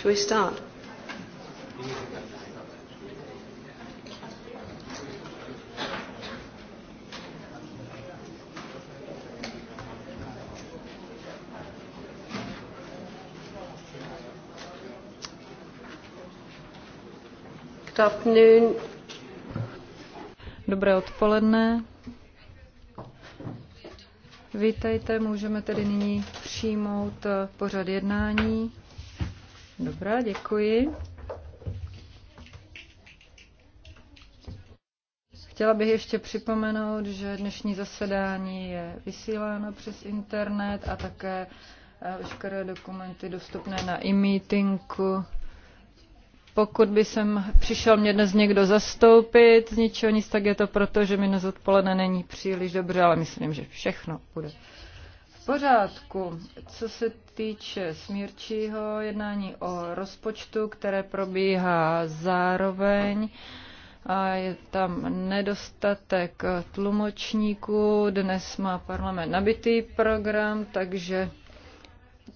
Shall we start? Good afternoon. Dobré odpoledne. Vítejte, můžeme tedy nyní přijmout pořad jednání. Dobrá, děkuji. Chtěla bych ještě připomenout, že dnešní zasedání je vysíláno přes internet a také eh, veškeré dokumenty dostupné na e-meetingu. Pokud by sem přišel mě dnes někdo zastoupit z ničeho nic, tak je to proto, že mi dnes odpoledne není příliš dobře, ale myslím, že všechno bude pořádku. Co se týče smírčího jednání o rozpočtu, které probíhá zároveň, a je tam nedostatek tlumočníků. Dnes má parlament nabitý program, takže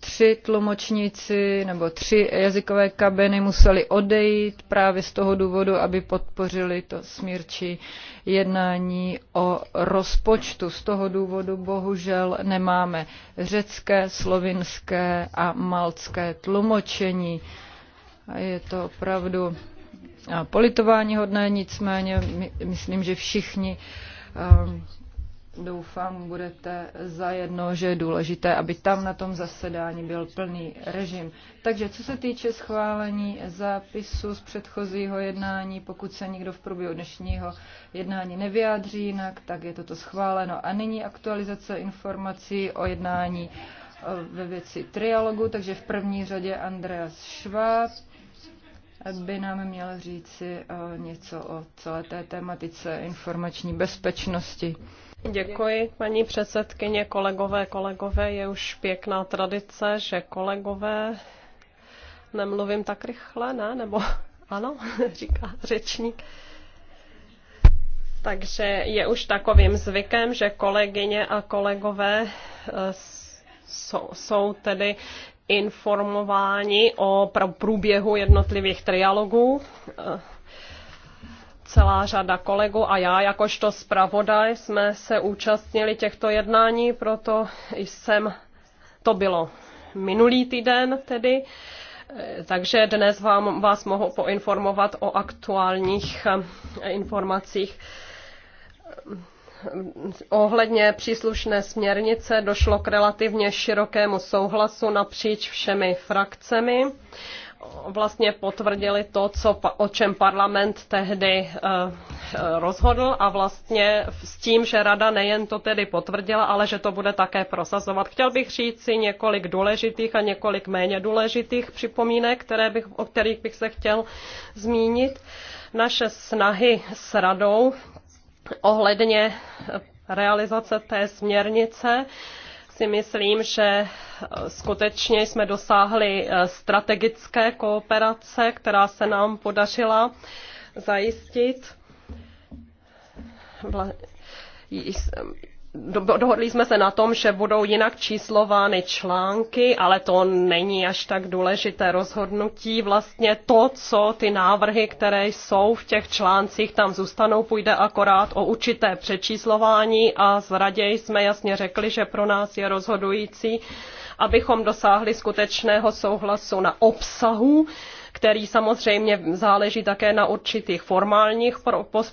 tři tlumočníci nebo tři jazykové kabiny museli odejít právě z toho důvodu, aby podpořili to smírčí jednání o rozpočtu. Z toho důvodu bohužel nemáme řecké, slovinské a malcké tlumočení. A je to opravdu politování hodné, nicméně my, myslím, že všichni um, doufám, budete zajedno, že je důležité, aby tam na tom zasedání byl plný režim. Takže co se týče schválení zápisu z předchozího jednání, pokud se nikdo v průběhu dnešního jednání nevyjádří jinak, tak je toto schváleno. A nyní aktualizace informací o jednání e, ve věci trialogu, takže v první řadě Andreas Schwab by nám měl říci e, něco o celé té tematice informační bezpečnosti. Děkuji, paní předsedkyně, kolegové, kolegové. Je už pěkná tradice, že kolegové nemluvím tak rychle, ne? Nebo ano, říká řečník. Takže je už takovým zvykem, že kolegyně a kolegové eh, jsou, tedy informováni o průběhu jednotlivých trialogů. Eh, celá řada kolegů a já jakožto zpravodaj jsme se účastnili těchto jednání, proto jsem, to bylo minulý týden tedy, takže dnes vám, vás mohu poinformovat o aktuálních eh, informacích. Ohledně příslušné směrnice došlo k relativně širokému souhlasu napříč všemi frakcemi vlastně potvrdili to, co, o čem parlament tehdy eh, eh, rozhodl a vlastně s tím, že rada nejen to tedy potvrdila, ale že to bude také prosazovat. Chtěl bych říct si několik důležitých a několik méně důležitých připomínek, které bych, o kterých bych se chtěl zmínit. Naše snahy s radou ohledně realizace té směrnice si myslím, že eh, skutečně jsme dosáhli eh, strategické kooperace, která se nám podařila zajistit dohodli jsme se na tom, že budou jinak číslovány články, ale to není až tak důležité rozhodnutí. Vlastně to, co ty návrhy, které jsou v těch článcích, tam zůstanou, půjde akorát o určité přečíslování a z radě jsme jasně řekli, že pro nás je rozhodující, abychom dosáhli skutečného souhlasu na obsahu, který samozřejmě záleží také na určitých formálních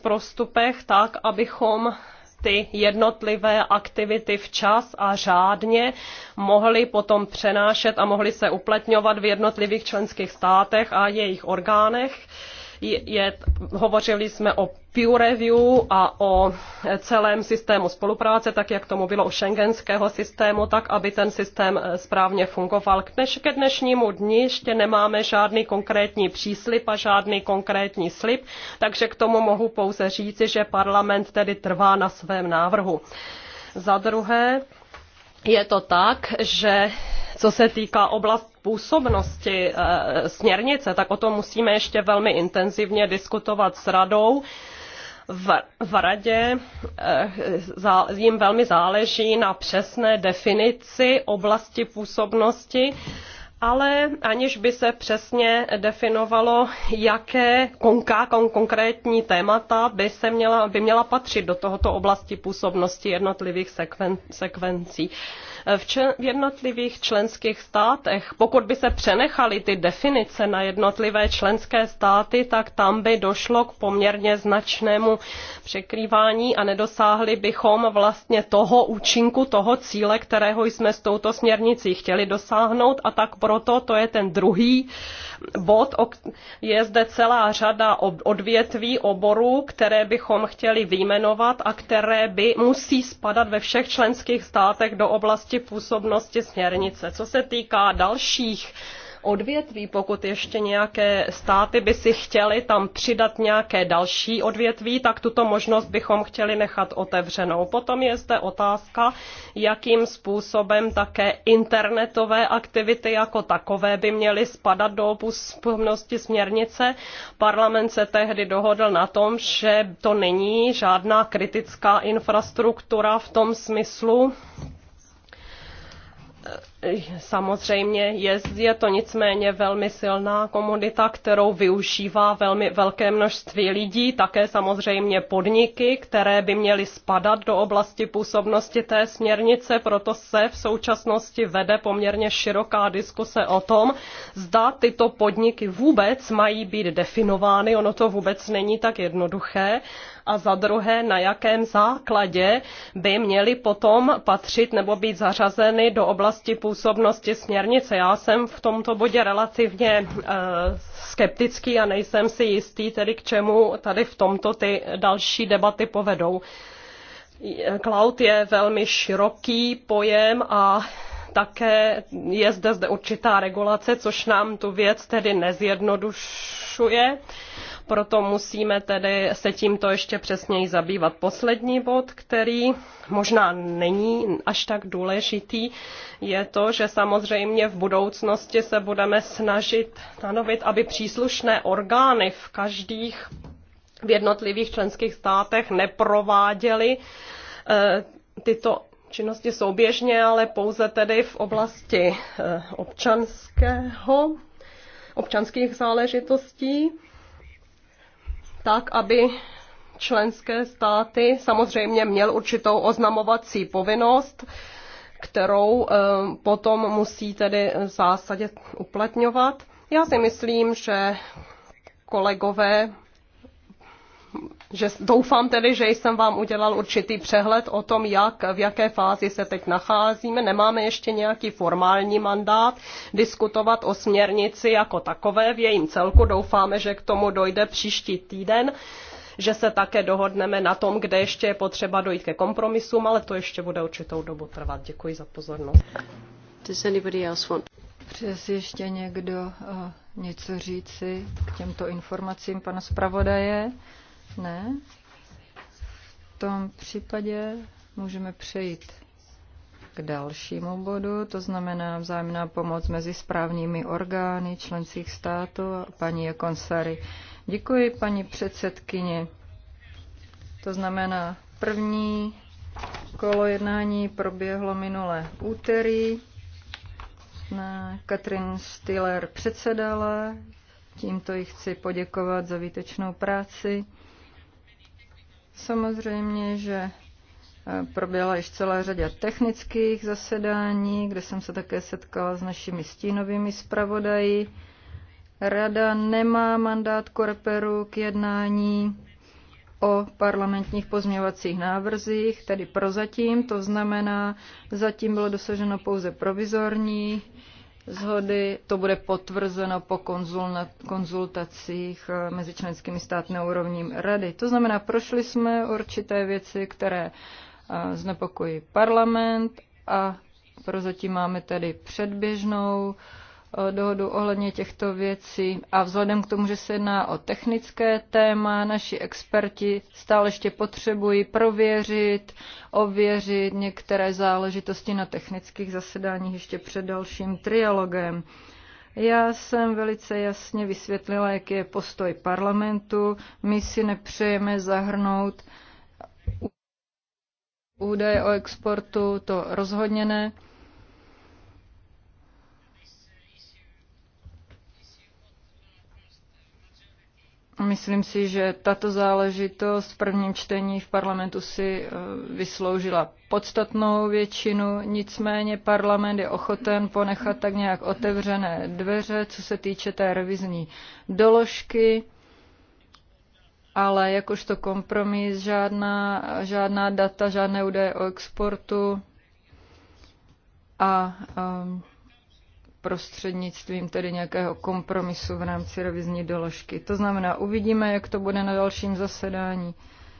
prostupech, tak abychom ty jednotlivé aktivity včas a řádně mohly potom přenášet a mohly se uplatňovat v jednotlivých členských státech a jejich orgánech je, hovořili jsme o peer review a o celém systému spolupráce, tak jak tomu bylo u šengenského systému, tak aby ten systém eh, správně fungoval. K dneš, ke dnešnímu dni ještě nemáme žádný konkrétní příslip a žádný konkrétní slib, takže k tomu mohu pouze říci, že parlament tedy trvá na svém návrhu. Za druhé, je to tak, že co se týká oblast působnosti eh, směrnice, tak o tom musíme ještě velmi intenzivně diskutovat s radou. V, v radě eh, zá, jim velmi záleží na přesné definici oblasti působnosti ale aniž by se přesně definovalo, jaké konká, konkrétní témata by, se měla, by měla patřit do tohoto oblasti působnosti jednotlivých sekven, sekvencí v, čl- v jednotlivých členských státech, pokud by se přenechaly ty definice na jednotlivé členské státy, tak tam by došlo k poměrně značnému překrývání a nedosáhli bychom vlastně toho účinku, toho cíle, kterého jsme s touto směrnicí chtěli dosáhnout a tak proto to je ten druhý bod. Je zde celá řada odvětví, oborů, které bychom chtěli vyjmenovat a které by musí spadat ve všech členských státech do oblasti oblasti působnosti směrnice. Co se týká dalších odvětví, pokud ještě nějaké státy by si chtěly tam přidat nějaké další odvětví, tak tuto možnost bychom chtěli nechat otevřenou. Potom je zde otázka, jakým způsobem také internetové aktivity jako takové by měly spadat do působnosti směrnice. Parlament se tehdy dohodl na tom, že to není žádná kritická infrastruktura v tom smyslu, Uh, Samozřejmě je, je to nicméně velmi silná komodita, kterou využívá velmi velké množství lidí, také samozřejmě podniky, které by měly spadat do oblasti působnosti té směrnice, proto se v současnosti vede poměrně široká diskuse o tom, zda tyto podniky vůbec mají být definovány, ono to vůbec není tak jednoduché, a za druhé, na jakém základě by měly potom patřit nebo být zařazeny do oblasti působnosti působnosti směrnice. Já jsem v tomto bodě relativně eh, skeptický a nejsem si jistý, tedy k čemu tady v tomto ty další debaty povedou. Cloud je velmi široký pojem a také je zde, zde určitá regulace, což nám tu věc tedy nezjednodušuje. Proto musíme tedy se tímto ještě přesněji zabývat. Poslední bod, který možná není až tak důležitý, je to, že samozřejmě v budoucnosti se budeme snažit stanovit, aby příslušné orgány v každých v jednotlivých členských státech neprováděly eh, tyto činnosti souběžně, ale pouze tedy v oblasti eh, občanského, občanských záležitostí, tak, aby členské státy samozřejmě měl určitou oznamovací povinnost, kterou eh, potom musí tedy v zásadě uplatňovat. Já si myslím, že kolegové že doufám tedy, že jsem vám udělal určitý přehled o tom, jak, v jaké fázi se teď nacházíme. Nemáme ještě nějaký formální mandát diskutovat o směrnici jako takové v jejím celku. Doufáme, že k tomu dojde příští týden, že se také dohodneme na tom, kde ještě je potřeba dojít ke kompromisům, ale to ještě bude určitou dobu trvat. Děkuji za pozornost. Does anybody else want? Přes ještě někdo uh, něco říci k těmto informacím pana zpravodaje? Ne. V tom případě můžeme přejít k dalšímu bodu, to znamená vzájemná pomoc mezi správními orgány členských států a paní Jakonsary. Děkuji, paní předsedkyně. To znamená, první kolo jednání proběhlo minulé úterý. Katrin Stiller předsedala. Tímto jí chci poděkovat za výtečnou práci. Samozřejmě, že eh, proběhla již celá řada technických zasedání, kde jsem se také setkala s našimi stínovými zpravodaji. Rada nemá mandát korperu k jednání o parlamentních pozměvacích návrzích, tedy prozatím, to znamená, zatím bylo dosaženo pouze provizorní zhody. To bude potvrzeno po konzultacích eh, mezi členskými státy na úrovním rady. To znamená, prošli jsme určité věci, které eh, znepokojí parlament a prozatím máme tedy předběžnou uh, Eh, dohodu ohledně těchto věcí. A vzhledem k tomu, že se jedná o technické téma, naši experti stále ještě potřebují prověřit, ověřit některé záležitosti na technických zasedáních ještě před dalším trialogem. Já jsem velice jasně vysvětlila, jaký je postoj parlamentu. My si nepřejeme zahrnout údaje o exportu, to rozhodně ne. Myslím si, že tato záležitost v prvním čtení v parlamentu si eh, vysloužila podstatnou většinu, nicméně parlament je ochoten ponechat tak nějak otevřené dveře, co se týče té revizní doložky, ale jakožto kompromis žádná, žádná data, žádné údaje o exportu a um, prostřednictvím tedy nějakého kompromisu v rámci revizní doložky. To znamená, uvidíme, jak to bude na dalším zasedání.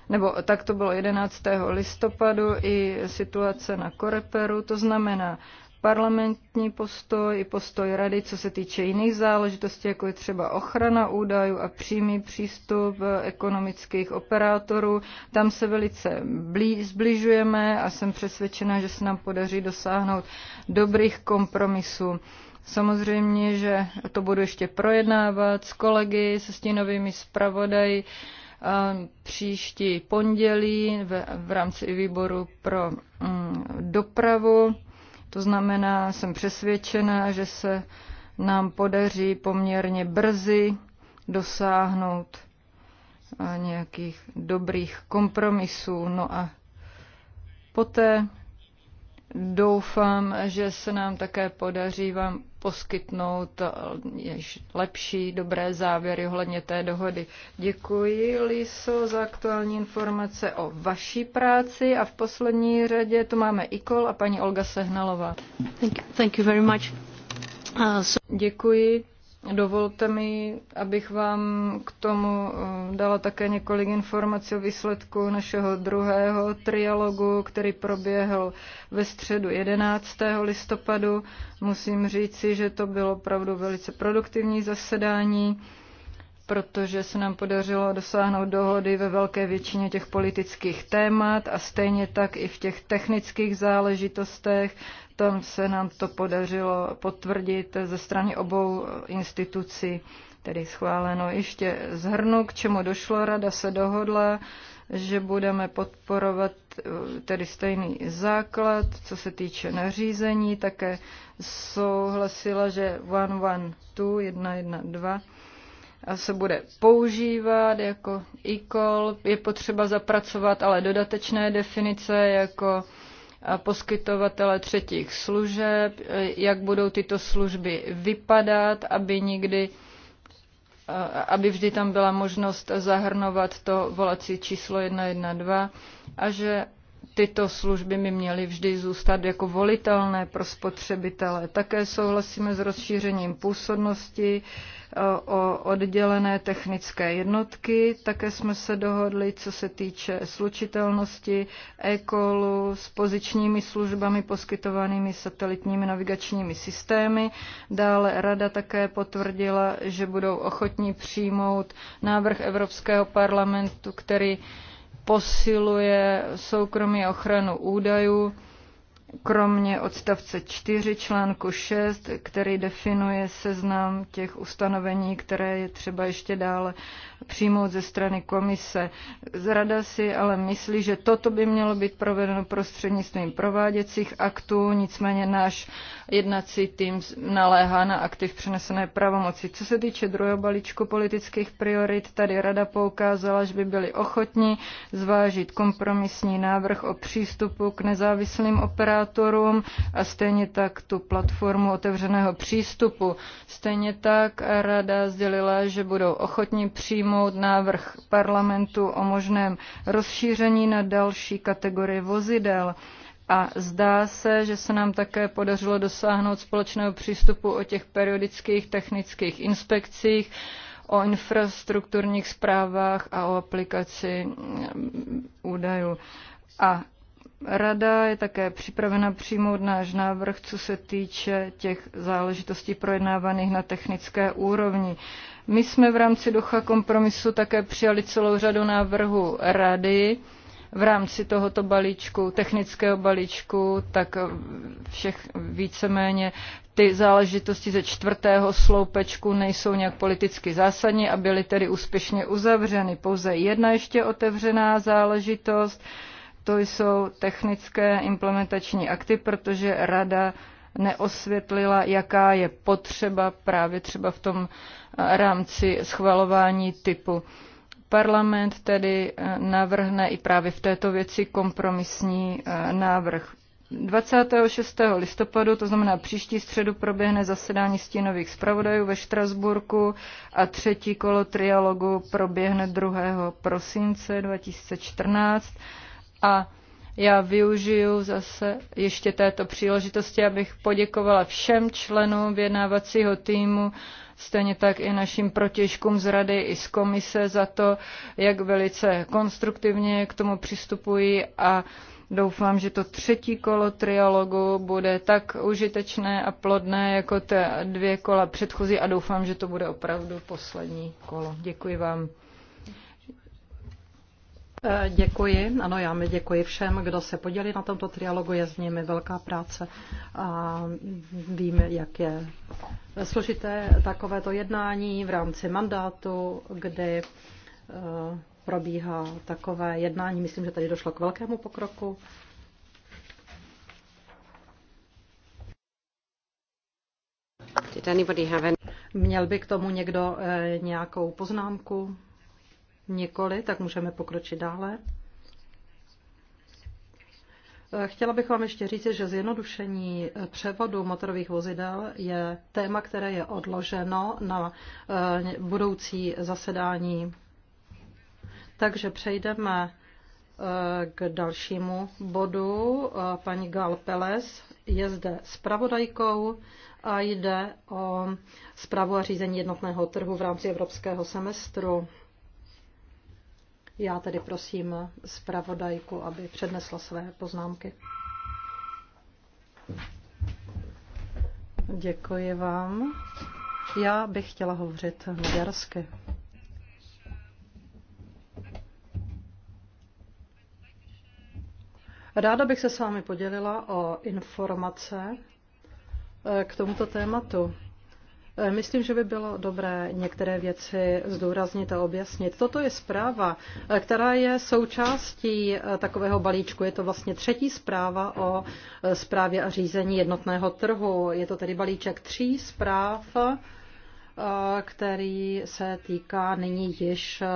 Nebo tak to bylo 11. listopadu i situace na Koreperu, to znamená parlamentní postoj i postoj rady, co se týče jiných záležitostí, jako je třeba ochrana údajů a přímý přístup ekonomických operátorů. Tam se velice zbližujeme a jsem přesvědčena, že se nám podaří dosáhnout dobrých kompromisů. Samozřejmě, že to budu ještě projednávat s kolegy, se stínovými zpravodaji příští pondělí v, v rámci výboru pro mm, dopravu. To znamená, jsem přesvědčena, že se nám podaří poměrně brzy dosáhnout nějakých dobrých kompromisů. No a poté Doufám, že se nám také podaří vám poskytnout eh, lepší, dobré závěry ohledně té dohody. Děkuji, Liso, za aktuální informace o vaší práci a v poslední řadě tu máme Ikol a paní Olga Sehnalová. Thank you, thank you very much. Uh, so... Děkuji. Dovolte mi, abych vám k tomu eh, dala také několik informací o výsledku našeho druhého trialogu, který proběhl ve středu 11. listopadu. Musím říci, že to bylo opravdu velice produktivní zasedání protože se nám podařilo dosáhnout dohody ve velké většině těch politických témat a stejně tak i v těch technických záležitostech, Potom se nám to podařilo potvrdit ze strany obou institucí, tedy schváleno. Ještě zhrnu, k čemu došlo. Rada se dohodla, že budeme podporovat eh, tedy stejný základ, co se týče nařízení. Také souhlasila, že 112, a se bude používat jako e-call. Je potřeba zapracovat ale dodatečné definice jako poskytovatele třetích služeb, e, jak budou tyto služby vypadat, aby nikdy e, aby vždy tam byla možnost zahrnovat to volací číslo 112 a že tyto služby by měly vždy zůstat jako volitelné pro spotřebitele. Také souhlasíme s rozšířením působnosti eh, o oddělené technické jednotky. Také jsme se dohodli, co se týče slučitelnosti e-callu s pozičními službami poskytovanými satelitními navigačními systémy. Dále Rada také potvrdila, že budou ochotní přijmout návrh Evropského parlamentu, který posiluje soukromí a ochranu údajů kromě odstavce 4 článku 6, který definuje seznam těch ustanovení, které je třeba ještě dále přijmout ze strany komise. Zrada si ale myslí, že toto by mělo být provedeno prostřednictvím prováděcích aktů, nicméně náš jednací tým naléhá na aktiv přenesené pravomoci. Co se týče druhého balíčku politických priorit, tady Rada poukázala, že by byli ochotní zvážit kompromisní návrh o přístupu k nezávislým operátorům operátorům a stejně tak tu platformu otevřeného přístupu. Stejně tak rada sdělila, že budou ochotní přijmout návrh parlamentu o možném rozšíření na další kategorie vozidel. A zdá se, že se nám také podařilo dosáhnout společného přístupu o těch periodických technických inspekcích, o infrastrukturních zprávách a o aplikaci mm, údajů. A Rada je také připravena přijmout náš návrh, co se týče těch záležitostí projednávaných na technické úrovni. My jsme v rámci ducha kompromisu také přijali celou řadu návrhů rady v rámci tohoto balíčku, technického balíčku, tak všech víceméně ty záležitosti ze čtvrtého sloupečku nejsou nějak politicky zásadní a byly tedy úspěšně uzavřeny. Pouze jedna ještě otevřená záležitost, to jsou technické implementační akty, protože rada neosvětlila, jaká je potřeba právě třeba v tom eh, rámci schvalování typu. Parlament tedy eh, navrhne i právě v této věci kompromisní eh, návrh. 26. listopadu, to znamená příští středu, proběhne zasedání stínových zpravodajů ve Štrasburku a třetí kolo trialogu proběhne 2. prosince 2014 a já využiju zase ještě této příležitosti, abych poděkovala všem členům vyjednávacího týmu, stejně tak i našim protěžkům z Rady i z Komise za to, jak velice konstruktivně k tomu přistupují a Doufám, že to třetí kolo trialogu bude tak užitečné a plodné jako ty dvě kola předchozí a doufám, že to bude opravdu poslední kolo. Děkuji vám. Eh, děkuji, ano, já mi děkuji všem, kdo se podělí na tomto trialogu, je s nimi velká práce a vím, jak je složité takovéto jednání v rámci mandátu, kdy eh, probíhá takové jednání. Myslím, že tady došlo k velkému pokroku. Měl by k tomu někdo eh, nějakou poznámku? Nikoli, tak můžeme pokročit dále. Eh, chtěla bych vám ještě říct, že zjednodušení eh, převodu motorových vozidel je téma, které je odloženo na eh, budoucí zasedání. Takže přejdeme k dalšímu bodu. Paní Gal Peles je zde zpravodajkou a jde o zprávu a řízení jednotného trhu v rámci evropského semestru. Já tedy prosím zpravodajku, aby přednesla své poznámky. Děkuji vám. Já bych chtěla hovořit maďarsky. Ráda bych se s vámi podělila o informace eh, k tomuto tématu. Eh, myslím, že by bylo dobré některé věci zdůraznit a objasnit. Toto je zpráva, eh, která je součástí eh, takového balíčku. Je to vlastně třetí zpráva o zprávě a řízení jednotného trhu. Je to tedy balíček tří zpráv Eh, který se týká nyní již eh,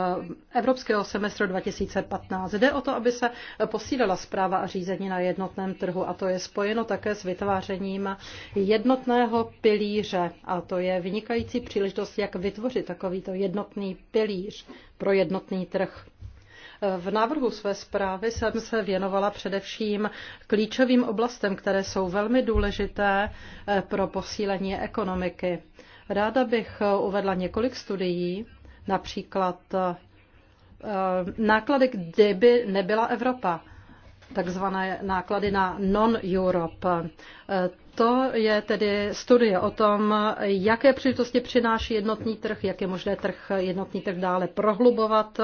Evropského semestru 2015. Jde o to, aby se posílila zpráva a řízení na jednotném trhu a to je spojeno také s vytvářením jednotného pilíře a to je vynikající příležitost, jak vytvořit takovýto jednotný pilíř pro jednotný trh. V návrhu své zprávy jsem se věnovala především klíčovým oblastem, které jsou velmi důležité eh, pro posílení ekonomiky. Ráda bych eh, uvedla několik studií, například eh, náklady, kdyby nebyla Evropa, takzvané náklady na non-Europe. Eh, to je tedy studie o tom, jaké příležitosti přináší jednotný trh, jak je možné trh, jednotný trh dále prohlubovat,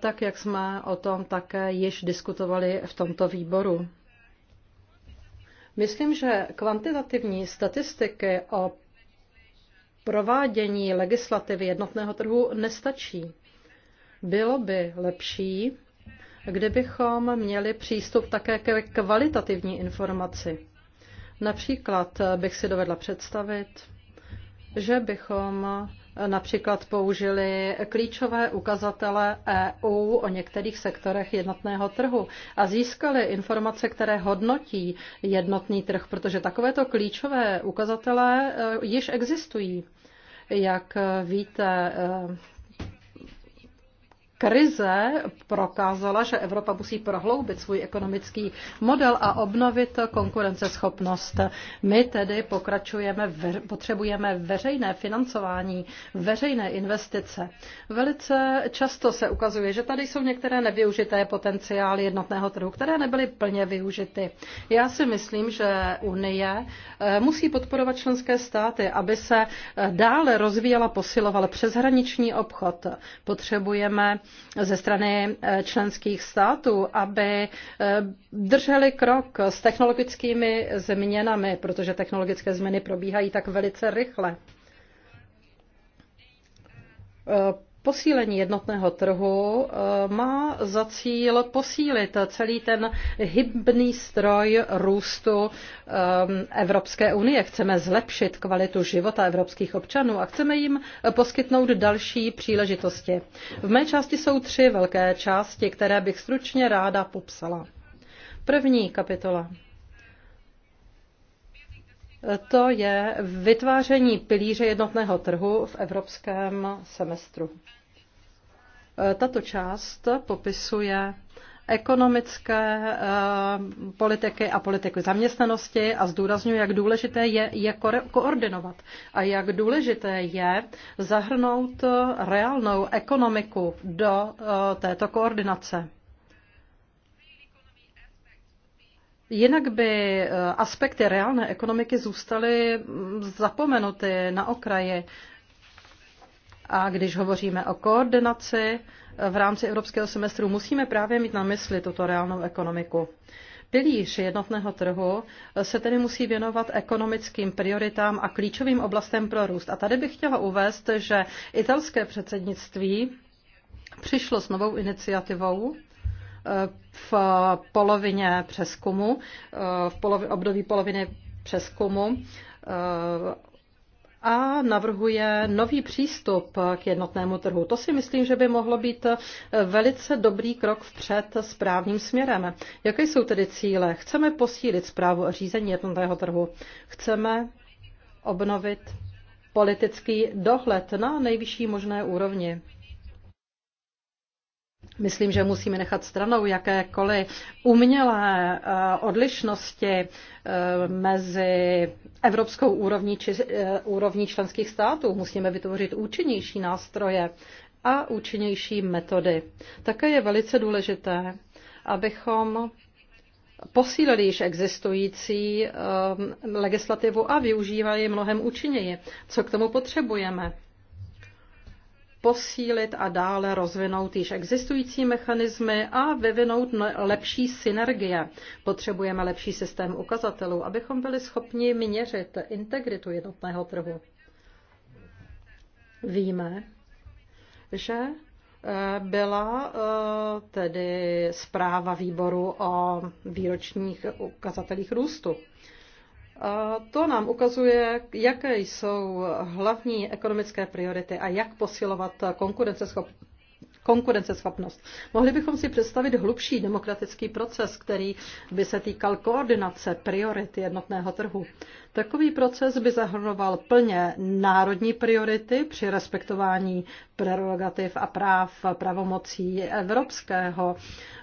tak jak jsme o tom také již diskutovali v tomto výboru. Myslím, že kvantitativní statistiky o provádění legislativy jednotného trhu nestačí. Bylo by lepší, kdybychom měli přístup také ke kvalitativní informaci. Například bych si dovedla představit, že bychom například použili klíčové ukazatele EU o některých sektorech jednotného trhu a získali informace, které hodnotí jednotný trh, protože takovéto klíčové ukazatele eh, již existují. Jak víte, Krize prokázala, že Evropa musí prohloubit svůj ekonomický model a obnovit konkurenceschopnost. My tedy pokračujeme, potřebujeme veřejné financování, veřejné investice. Velice často se ukazuje, že tady jsou některé nevyužité potenciály jednotného trhu, které nebyly plně využity. Já si myslím, že Unie eh, musí podporovat členské státy, aby se eh, dále rozvíjela, posilovala přeshraniční obchod. Potřebujeme ze strany eh, členských států, aby eh, drželi krok s technologickými změnami, protože technologické změny probíhají tak velice rychle eh, Posílení jednotného trhu eh, má za cíl posílit celý ten hybný stroj růstu eh, Evropské unie. Chceme zlepšit kvalitu života evropských občanů a chceme jim poskytnout další příležitosti. V mé části jsou tři velké části, které bych stručně ráda popsala. První kapitola. To je vytváření pilíře jednotného trhu v evropském semestru. Eh, tato část popisuje ekonomické eh, politiky a politiky zaměstnanosti a zdůrazňuje, jak důležité je je koordinovat a jak důležité je zahrnout reálnou ekonomiku do eh, této koordinace. Jinak by aspekty reálné ekonomiky zůstaly mm, zapomenuty na okraji a když hovoříme o koordinaci v rámci evropského semestru, musíme právě mít na mysli tuto reálnou ekonomiku. Pilíř jednotného trhu se tedy musí věnovat ekonomickým prioritám a klíčovým oblastem pro růst. A tady bych chtěla uvést, že italské předsednictví přišlo s novou iniciativou eh, v polovině přeskumu, eh, v polovi, období poloviny přeskumu eh, a navrhuje nový přístup k jednotnému trhu. To si myslím, že by mohlo být velice dobrý krok vpřed správným směrem. Jaké jsou tedy cíle? Chceme posílit zprávu a řízení jednotného trhu. Chceme obnovit politický dohled na nejvyšší možné úrovni. Myslím, že musíme nechat stranou jakékoliv umělé eh, odlišnosti eh, mezi evropskou úrovní či eh, úrovní členských států. Musíme vytvořit účinnější nástroje a účinnější metody. Také je velice důležité, abychom posílili již existující legislativu a využívali ji mnohem účinněji. Co k tomu potřebujeme? posílit a dále rozvinout již existující mechanismy a vyvinout lepší synergie. Potřebujeme lepší systém ukazatelů, abychom byli schopni měřit integritu jednotného trhu. Víme, že eh, byla eh, tedy zpráva výboru o výročních ukazatelích růstu. A to nám ukazuje, jaké jsou hlavní ekonomické priority a jak posilovat konkurenceschopnost konkurenceschopnost. Mohli bychom si představit hlubší demokratický proces, který by se týkal koordinace priority jednotného trhu. Takový proces by zahrnoval plně národní priority při respektování prerogativ a práv pravomocí Evropského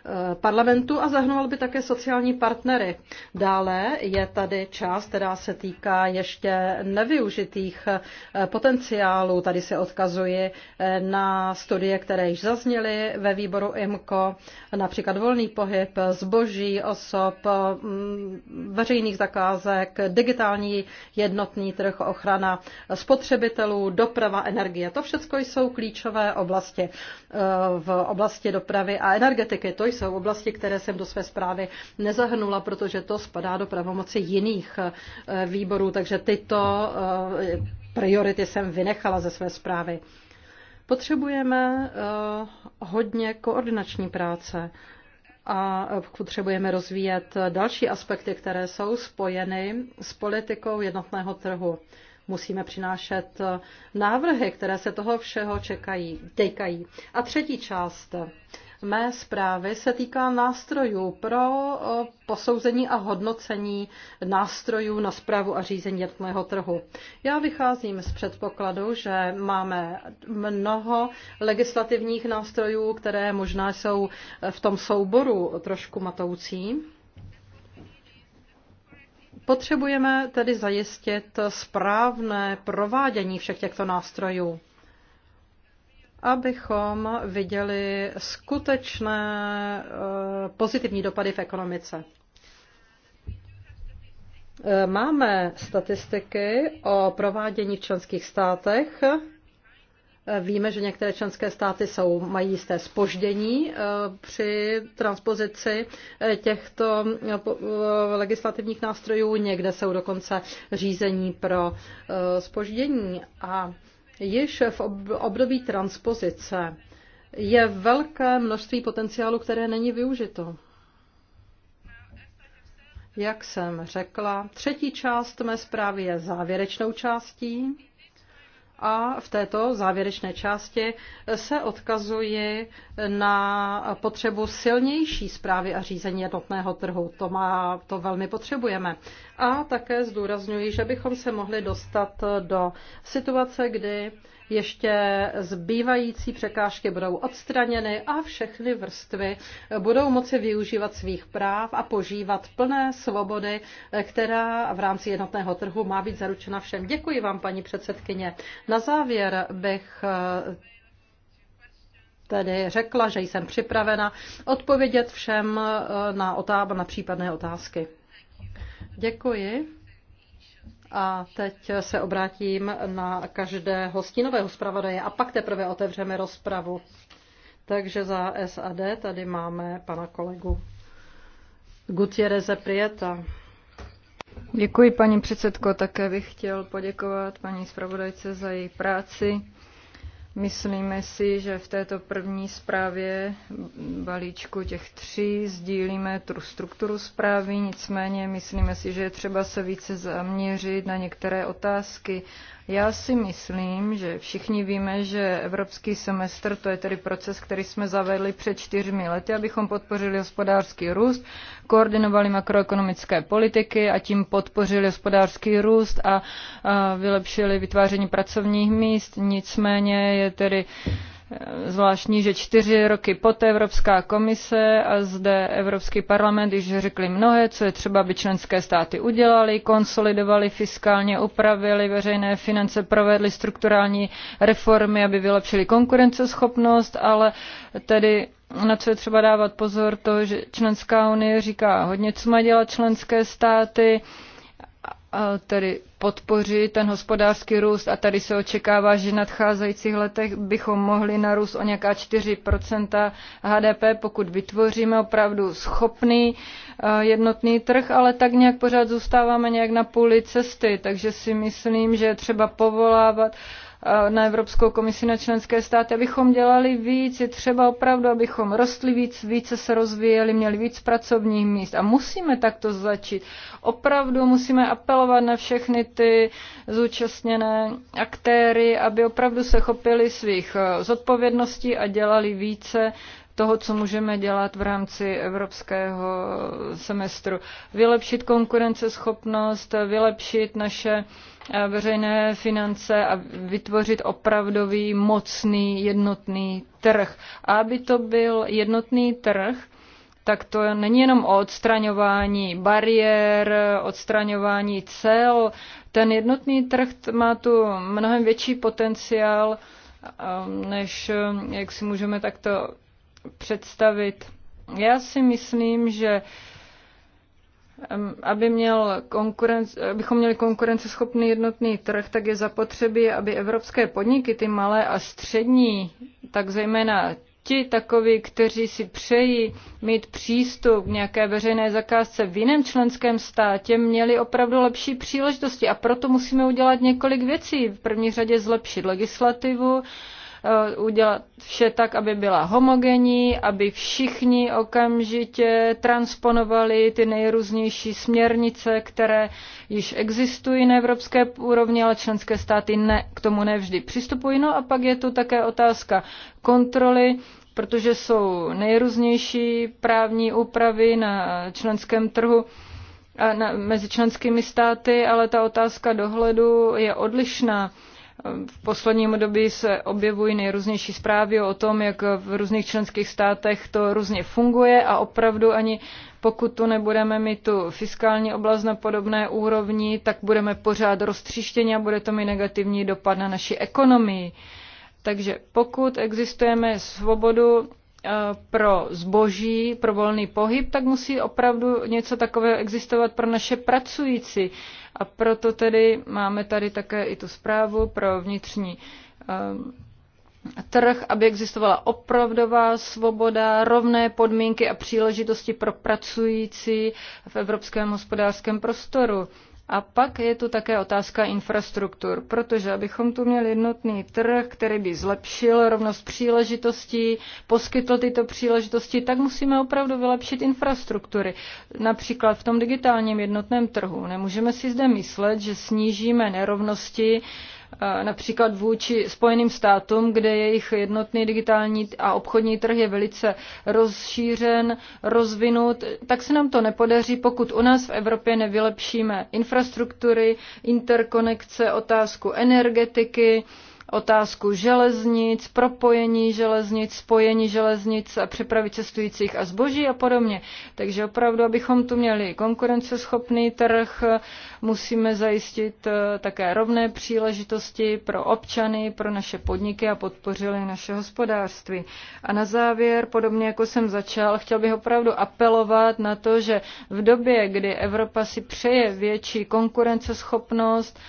eh, parlamentu a zahrnoval by také sociální partnery. Dále je tady část, která se týká ještě nevyužitých eh, potenciálů. Tady se odkazuji eh, na studie, které již zazněly ve výboru IMCO, například volný pohyb zboží, osob, mm, veřejných zakázek, digitální jednotný trh, ochrana spotřebitelů, doprava, energie. To všechno jsou klíčové klíčové oblasti eh, v oblasti dopravy a energetiky. To jsou oblasti, které jsem do své zprávy nezahrnula, protože to spadá do pravomoci jiných eh, výborů, takže tyto eh, priority jsem vynechala ze své zprávy. Potřebujeme hodně koordinační práce a potřebujeme rozvíjet další aspekty, které jsou spojeny s politikou jednotného trhu. Musíme přinášet eh, návrhy, které se toho všeho čekají, týkají. A třetí část mé zprávy se týká nástrojů pro eh, posouzení a hodnocení nástrojů na zprávu a řízení jednotného trhu. Já vycházím z předpokladu, že máme mnoho legislativních nástrojů, které možná jsou v tom souboru trošku matoucí. Potřebujeme tedy zajistit správné provádění všech těchto nástrojů, abychom viděli skutečné eh, pozitivní dopady v ekonomice. Eh, máme statistiky o provádění v členských státech Víme, že některé členské státy jsou, mají jisté spoždění eh, při transpozici eh, těchto eh, legislativních nástrojů, někde jsou dokonce řízení pro spoždění. A již v období transpozice je velké množství potenciálu, které není využito. Jak jsem řekla, třetí část mé zprávy je závěrečnou částí a v této závěrečné části se odkazuji na potřebu silnější zprávy a řízení jednotného trhu. To, má, to velmi potřebujeme. A také zdůrazňuji, že bychom se mohli dostat do situace, kdy ještě zbývající překážky budou odstraněny a všechny vrstvy budou moci využívat svých práv a požívat plné svobody, která v rámci jednotného trhu má být zaručena všem. Děkuji vám, paní předsedkyně. Na závěr bych eh, tedy řekla, že jsem připravena odpovědět všem eh, na, otáb, na případné otázky. Děkuji. A teď se obrátím na každého stínového zpravodaje a pak teprve otevřeme rozpravu. Takže za SAD tady máme pana kolegu Gutiereze Prieta. Děkuji, paní předsedko. Také bych chtěl poděkovat paní zpravodajce za její práci. Myslíme si, že v této první zprávě balíčku těch tří sdílíme tu strukturu zprávy, nicméně myslíme si, že je třeba se více zaměřit na některé otázky já si myslím, že všichni víme, že evropský semestr to je tedy proces, který jsme zavedli před čtyřmi lety, abychom podpořili hospodářský růst, koordinovali makroekonomické politiky a tím podpořili hospodářský růst a, a vylepšili vytváření pracovních míst. Nicméně je tedy uh, zvláštní, že čtyři roky poté Evropská komise a zde Evropský parlament již řekli mnohé, co je třeba, aby členské státy udělali, konsolidovali fiskálně, upravili veřejné finance, provedli strukturální reformy, aby vylepšili konkurenceschopnost, ale tedy na co je třeba dávat pozor, to, že členská unie říká hodně, co má dělat členské státy, tedy podpoří ten hospodářský růst a tady se očekává, že v nadcházejících letech bychom mohli narůst o nějaká 4% HDP, pokud vytvoříme opravdu schopný jednotný trh, ale tak nějak pořád zůstáváme nějak na půli cesty, takže si myslím, že třeba povolávat Eh, na Evropskou komisi, na členské státy, abychom dělali víc. Je třeba opravdu, abychom rostli víc, více se rozvíjeli, měli víc pracovních míst. A musíme takto začít. Opravdu musíme apelovat na všechny ty zúčastněné aktéry, aby opravdu se chopili svých eh, zodpovědností a dělali více toho, co můžeme dělat v rámci evropského semestru. Vylepšit konkurenceschopnost, vylepšit naše uh, veřejné finance a vytvořit opravdový, mocný, jednotný trh. A aby to byl jednotný trh, tak to není jenom o odstraňování bariér, odstraňování cel. Ten jednotný trh má tu mnohem větší potenciál, um, než um, jak si můžeme takto představit. Já si myslím, že aby měl konkurence, abychom měli konkurenceschopný jednotný trh, tak je zapotřebí, aby evropské podniky, ty malé a střední, tak zejména ti takoví, kteří si přejí mít přístup k nějaké veřejné zakázce v jiném členském státě, měli opravdu lepší příležitosti. A proto musíme udělat několik věcí. V první řadě zlepšit legislativu, Eh, udělat vše tak, aby byla homogenní, aby všichni okamžitě transponovali ty nejrůznější směrnice, které již existují na evropské úrovni, ale členské státy ne, k tomu nevždy přistupují. No a pak je tu také otázka kontroly protože jsou nejrůznější právní úpravy na členském trhu na, mezi členskými státy, ale ta otázka dohledu je odlišná. V posledním období se objevují nejrůznější zprávy o tom, jak v různých členských státech to různě funguje a opravdu ani pokud tu nebudeme mít tu fiskální oblast na podobné úrovni, tak budeme pořád roztříštěni a bude to mít negativní dopad na naši ekonomii. Takže pokud existujeme svobodu eh, pro zboží, pro volný pohyb, tak musí opravdu něco takového existovat pro naše pracující. A proto tedy máme tady také i tu zprávu pro vnitřní ehm, trh, aby existovala opravdová svoboda, rovné podmínky a příležitosti pro pracující v evropském hospodářském prostoru. A pak je tu také otázka infrastruktur, protože abychom tu měli jednotný trh, který by zlepšil rovnost příležitostí, poskytl tyto příležitosti, tak musíme opravdu vylepšit infrastruktury. Například v tom digitálním jednotném trhu. Nemůžeme si zde myslet, že snížíme nerovnosti Eh, například vůči Spojeným státům, kde jejich jednotný digitální a obchodní trh je velice rozšířen, rozvinut, tak se nám to nepodaří, pokud u nás v Evropě nevylepšíme infrastruktury, interkonekce, otázku energetiky, otázku železnic, propojení železnic, spojení železnic a přepravy cestujících a zboží a podobně. Takže opravdu, abychom tu měli konkurenceschopný trh, musíme zajistit eh, také rovné příležitosti pro občany, pro naše podniky a podpořili naše hospodářství. A na závěr, podobně jako jsem začal, chtěl bych opravdu apelovat na to, že v době, kdy Evropa si přeje větší konkurenceschopnost,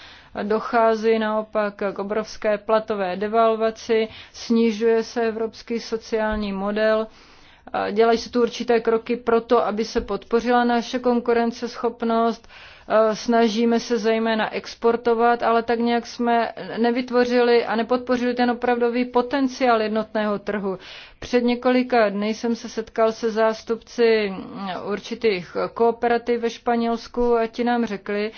dochází naopak k obrovské platové devalvaci, snižuje se evropský sociální model, dělají se tu určité kroky proto, aby se podpořila naše konkurenceschopnost, e, snažíme se zejména exportovat, ale tak nějak jsme nevytvořili a nepodpořili ten opravdový potenciál jednotného trhu. Před několika dny jsem se setkal se zástupci určitých kooperativ ve Španělsku a ti nám řekli,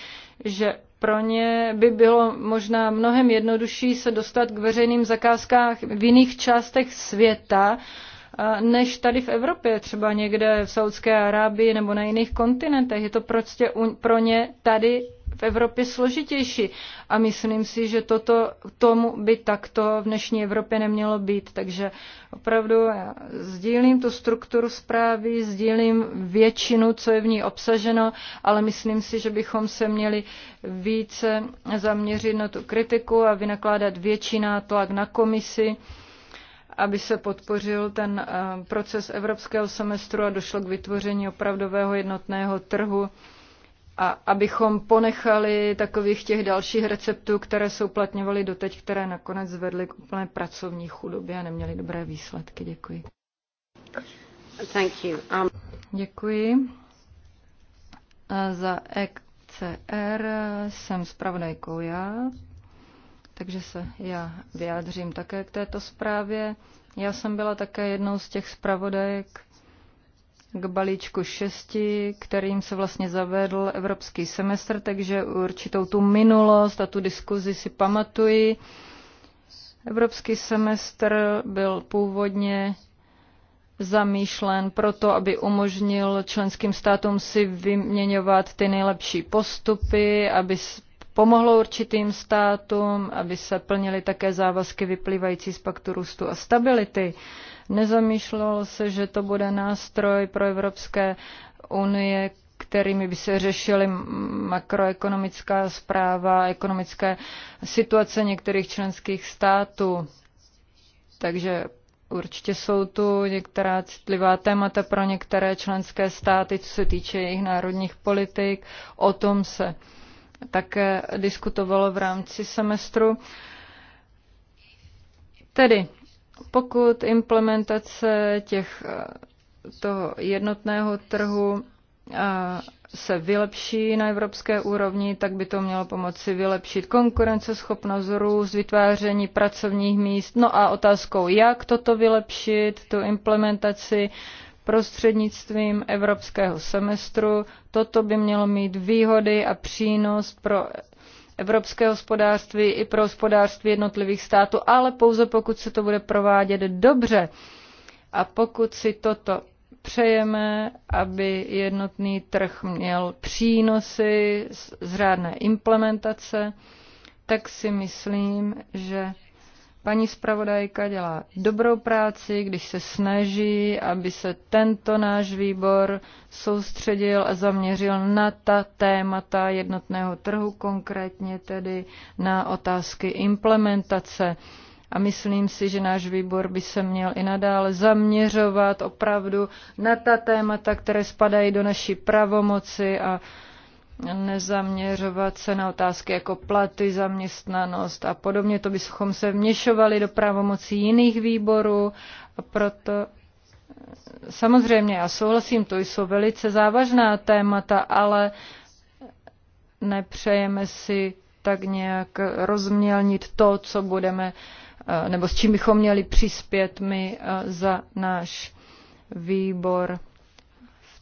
že pro ně by bylo možná mnohem jednodušší se dostat k veřejným zakázkách v jiných částech světa, než tady v Evropě, třeba někde v Saudské Arábii nebo na jiných kontinentech. Je to prostě pro ně tady v Evropě složitější. A myslím si, že toto tomu by takto v dnešní Evropě nemělo být. Takže opravdu já sdílím tu strukturu zprávy, sdílím většinu, co je v ní obsaženo, ale myslím si, že bychom se měli více zaměřit na tu kritiku a vynakládat větší nátlak na komisi aby se podpořil ten eh, proces evropského semestru a došlo k vytvoření opravdového jednotného trhu a abychom ponechali takových těch dalších receptů, které se uplatňovaly doteď, které nakonec vedly k úplné pracovní chudobě a neměly dobré výsledky. Děkuji. Thank you. Um... Děkuji. A za ECR jsem zpravodajkou já, takže se já vyjádřím také k této zprávě. Já jsem byla také jednou z těch zpravodajek, k balíčku šesti, kterým se vlastně zavedl evropský semestr, takže určitou tu minulost a tu diskuzi si pamatuji. Evropský semestr byl původně zamýšlen proto, aby umožnil členským státům si vyměňovat ty nejlepší postupy, aby pomohlo určitým státům, aby se plnily také závazky vyplývající z paktu růstu a stability. Nezamýšlelo se, že to bude nástroj pro Evropské unie, kterými by se řešily makroekonomická zpráva, ekonomické situace některých členských států. Takže určitě jsou tu některá citlivá témata pro některé členské státy, co se týče jejich národních politik. O tom se také diskutovalo v rámci semestru. Tedy, pokud implementace těch, eh, toho jednotného trhu eh, se vylepší na evropské úrovni, tak by to mělo pomoci vylepšit konkurenceschopnost, růst, vytváření pracovních míst. No a otázkou, jak toto vylepšit, tu implementaci, prostřednictvím evropského semestru. Toto by mělo mít výhody a přínos pro evropské hospodářství i pro hospodářství jednotlivých států, ale pouze pokud se to bude provádět dobře. A pokud si toto přejeme, aby jednotný trh měl přínosy z řádné implementace, tak si myslím, že Paní zpravodajka dělá dobrou práci, když se snaží, aby se tento náš výbor soustředil a zaměřil na ta témata jednotného trhu, konkrétně tedy na otázky implementace a myslím si, že náš výbor by se měl i nadále zaměřovat opravdu na ta témata, které spadají do naší pravomoci a nezaměřovat se na otázky jako platy, zaměstnanost a podobně. To bychom se vměšovali do pravomocí jiných výborů a proto samozřejmě já souhlasím, to jsou velice závažná témata, ale nepřejeme si tak nějak rozmělnit to, co budeme, eh, nebo s čím bychom měli přispět my eh, za náš výbor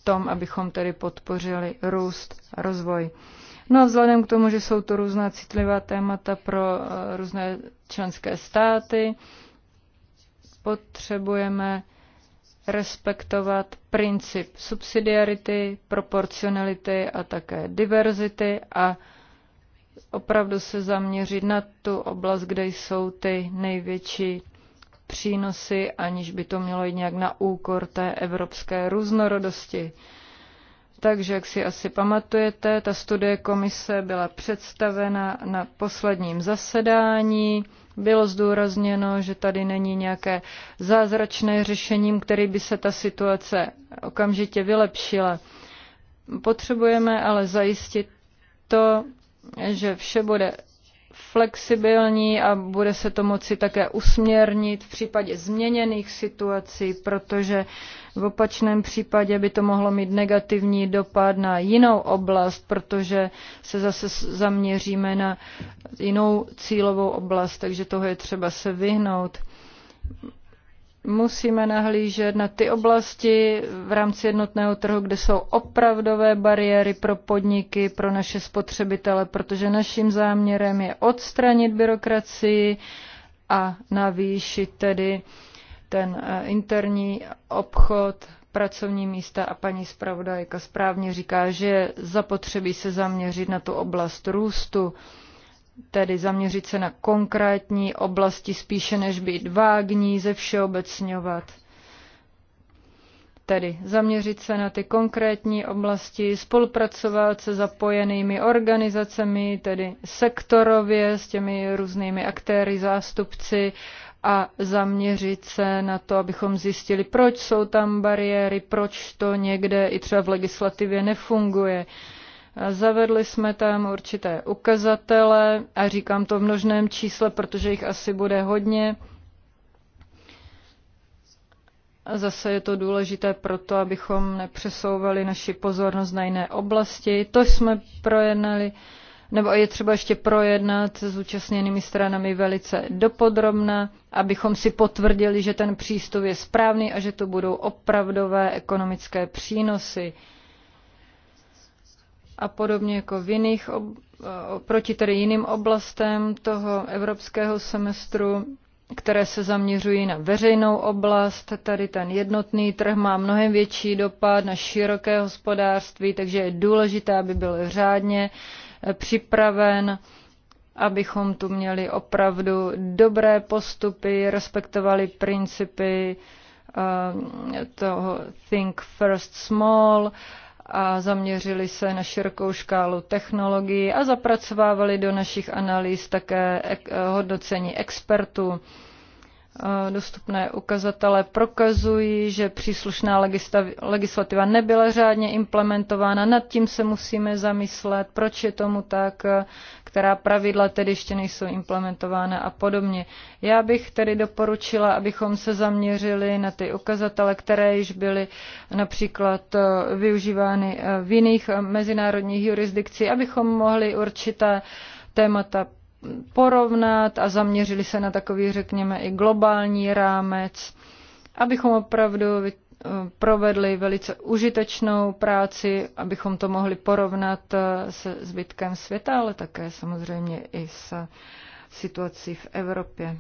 tom, abychom tedy podpořili růst a rozvoj. No a vzhledem k tomu, že jsou to různá citlivá témata pro eh, různé členské státy, potřebujeme respektovat princip subsidiarity, proporcionality a také diverzity a opravdu se zaměřit na tu oblast, kde jsou ty největší přínosy, aniž by to mělo jít nějak na úkor té evropské různorodosti. Takže, jak si asi pamatujete, ta studie komise byla představena na posledním zasedání. Bylo zdůrazněno, že tady není nějaké zázračné řešení, který by se ta situace okamžitě vylepšila. Potřebujeme ale zajistit to, že vše bude flexibilní a bude se to moci také usměrnit v případě změněných situací, protože v opačném případě by to mohlo mít negativní dopad na jinou oblast, protože se zase zaměříme na jinou cílovou oblast, takže toho je třeba se vyhnout musíme nahlížet na ty oblasti v rámci jednotného trhu, kde jsou opravdové bariéry pro podniky, pro naše spotřebitele, protože naším záměrem je odstranit byrokracii a navýšit tedy ten eh, interní obchod, pracovní místa a paní zpravodajka správně říká, že zapotřebí se zaměřit na tu oblast růstu tedy zaměřit se na konkrétní oblasti spíše než být vágní, ze všeobecňovat. Tedy zaměřit se na ty konkrétní oblasti, spolupracovat se zapojenými organizacemi, tedy sektorově s těmi různými aktéry, zástupci a zaměřit se na to, abychom zjistili, proč jsou tam bariéry, proč to někde i třeba v legislativě nefunguje Zavedli jsme tam určité ukazatele a říkám to v množném čísle, protože jich asi bude hodně. A zase je to důležité proto, abychom nepřesouvali naši pozornost na jiné oblasti. To jsme projednali, nebo je třeba ještě projednat s účastněnými stranami velice dopodrobna, abychom si potvrdili, že ten přístup je správný a že to budou opravdové ekonomické přínosy a podobně jako v jiných, eh, proti tedy jiným oblastem toho evropského semestru, které se zaměřují na veřejnou oblast. Tady ten jednotný trh má mnohem větší dopad na široké hospodářství, takže je důležité, aby byl řádně eh, připraven, abychom tu měli opravdu dobré postupy, respektovali principy eh, toho think first small, a zaměřili se na širokou škálu technologií a zapracovávali do našich analýz také hodnocení expertů dostupné ukazatele prokazují, že příslušná legislativa nebyla řádně implementována. Nad tím se musíme zamyslet, proč je tomu tak, která pravidla tedy ještě nejsou implementována a podobně. Já bych tedy doporučila, abychom se zaměřili na ty ukazatele, které již byly například eh, využívány eh, v jiných eh, mezinárodních jurisdikcích, abychom mohli určité témata porovnat a zaměřili se na takový, řekněme, i globální rámec, abychom opravdu provedli velice užitečnou práci, abychom to mohli porovnat eh, se zbytkem světa, ale také samozřejmě i s situací v Evropě.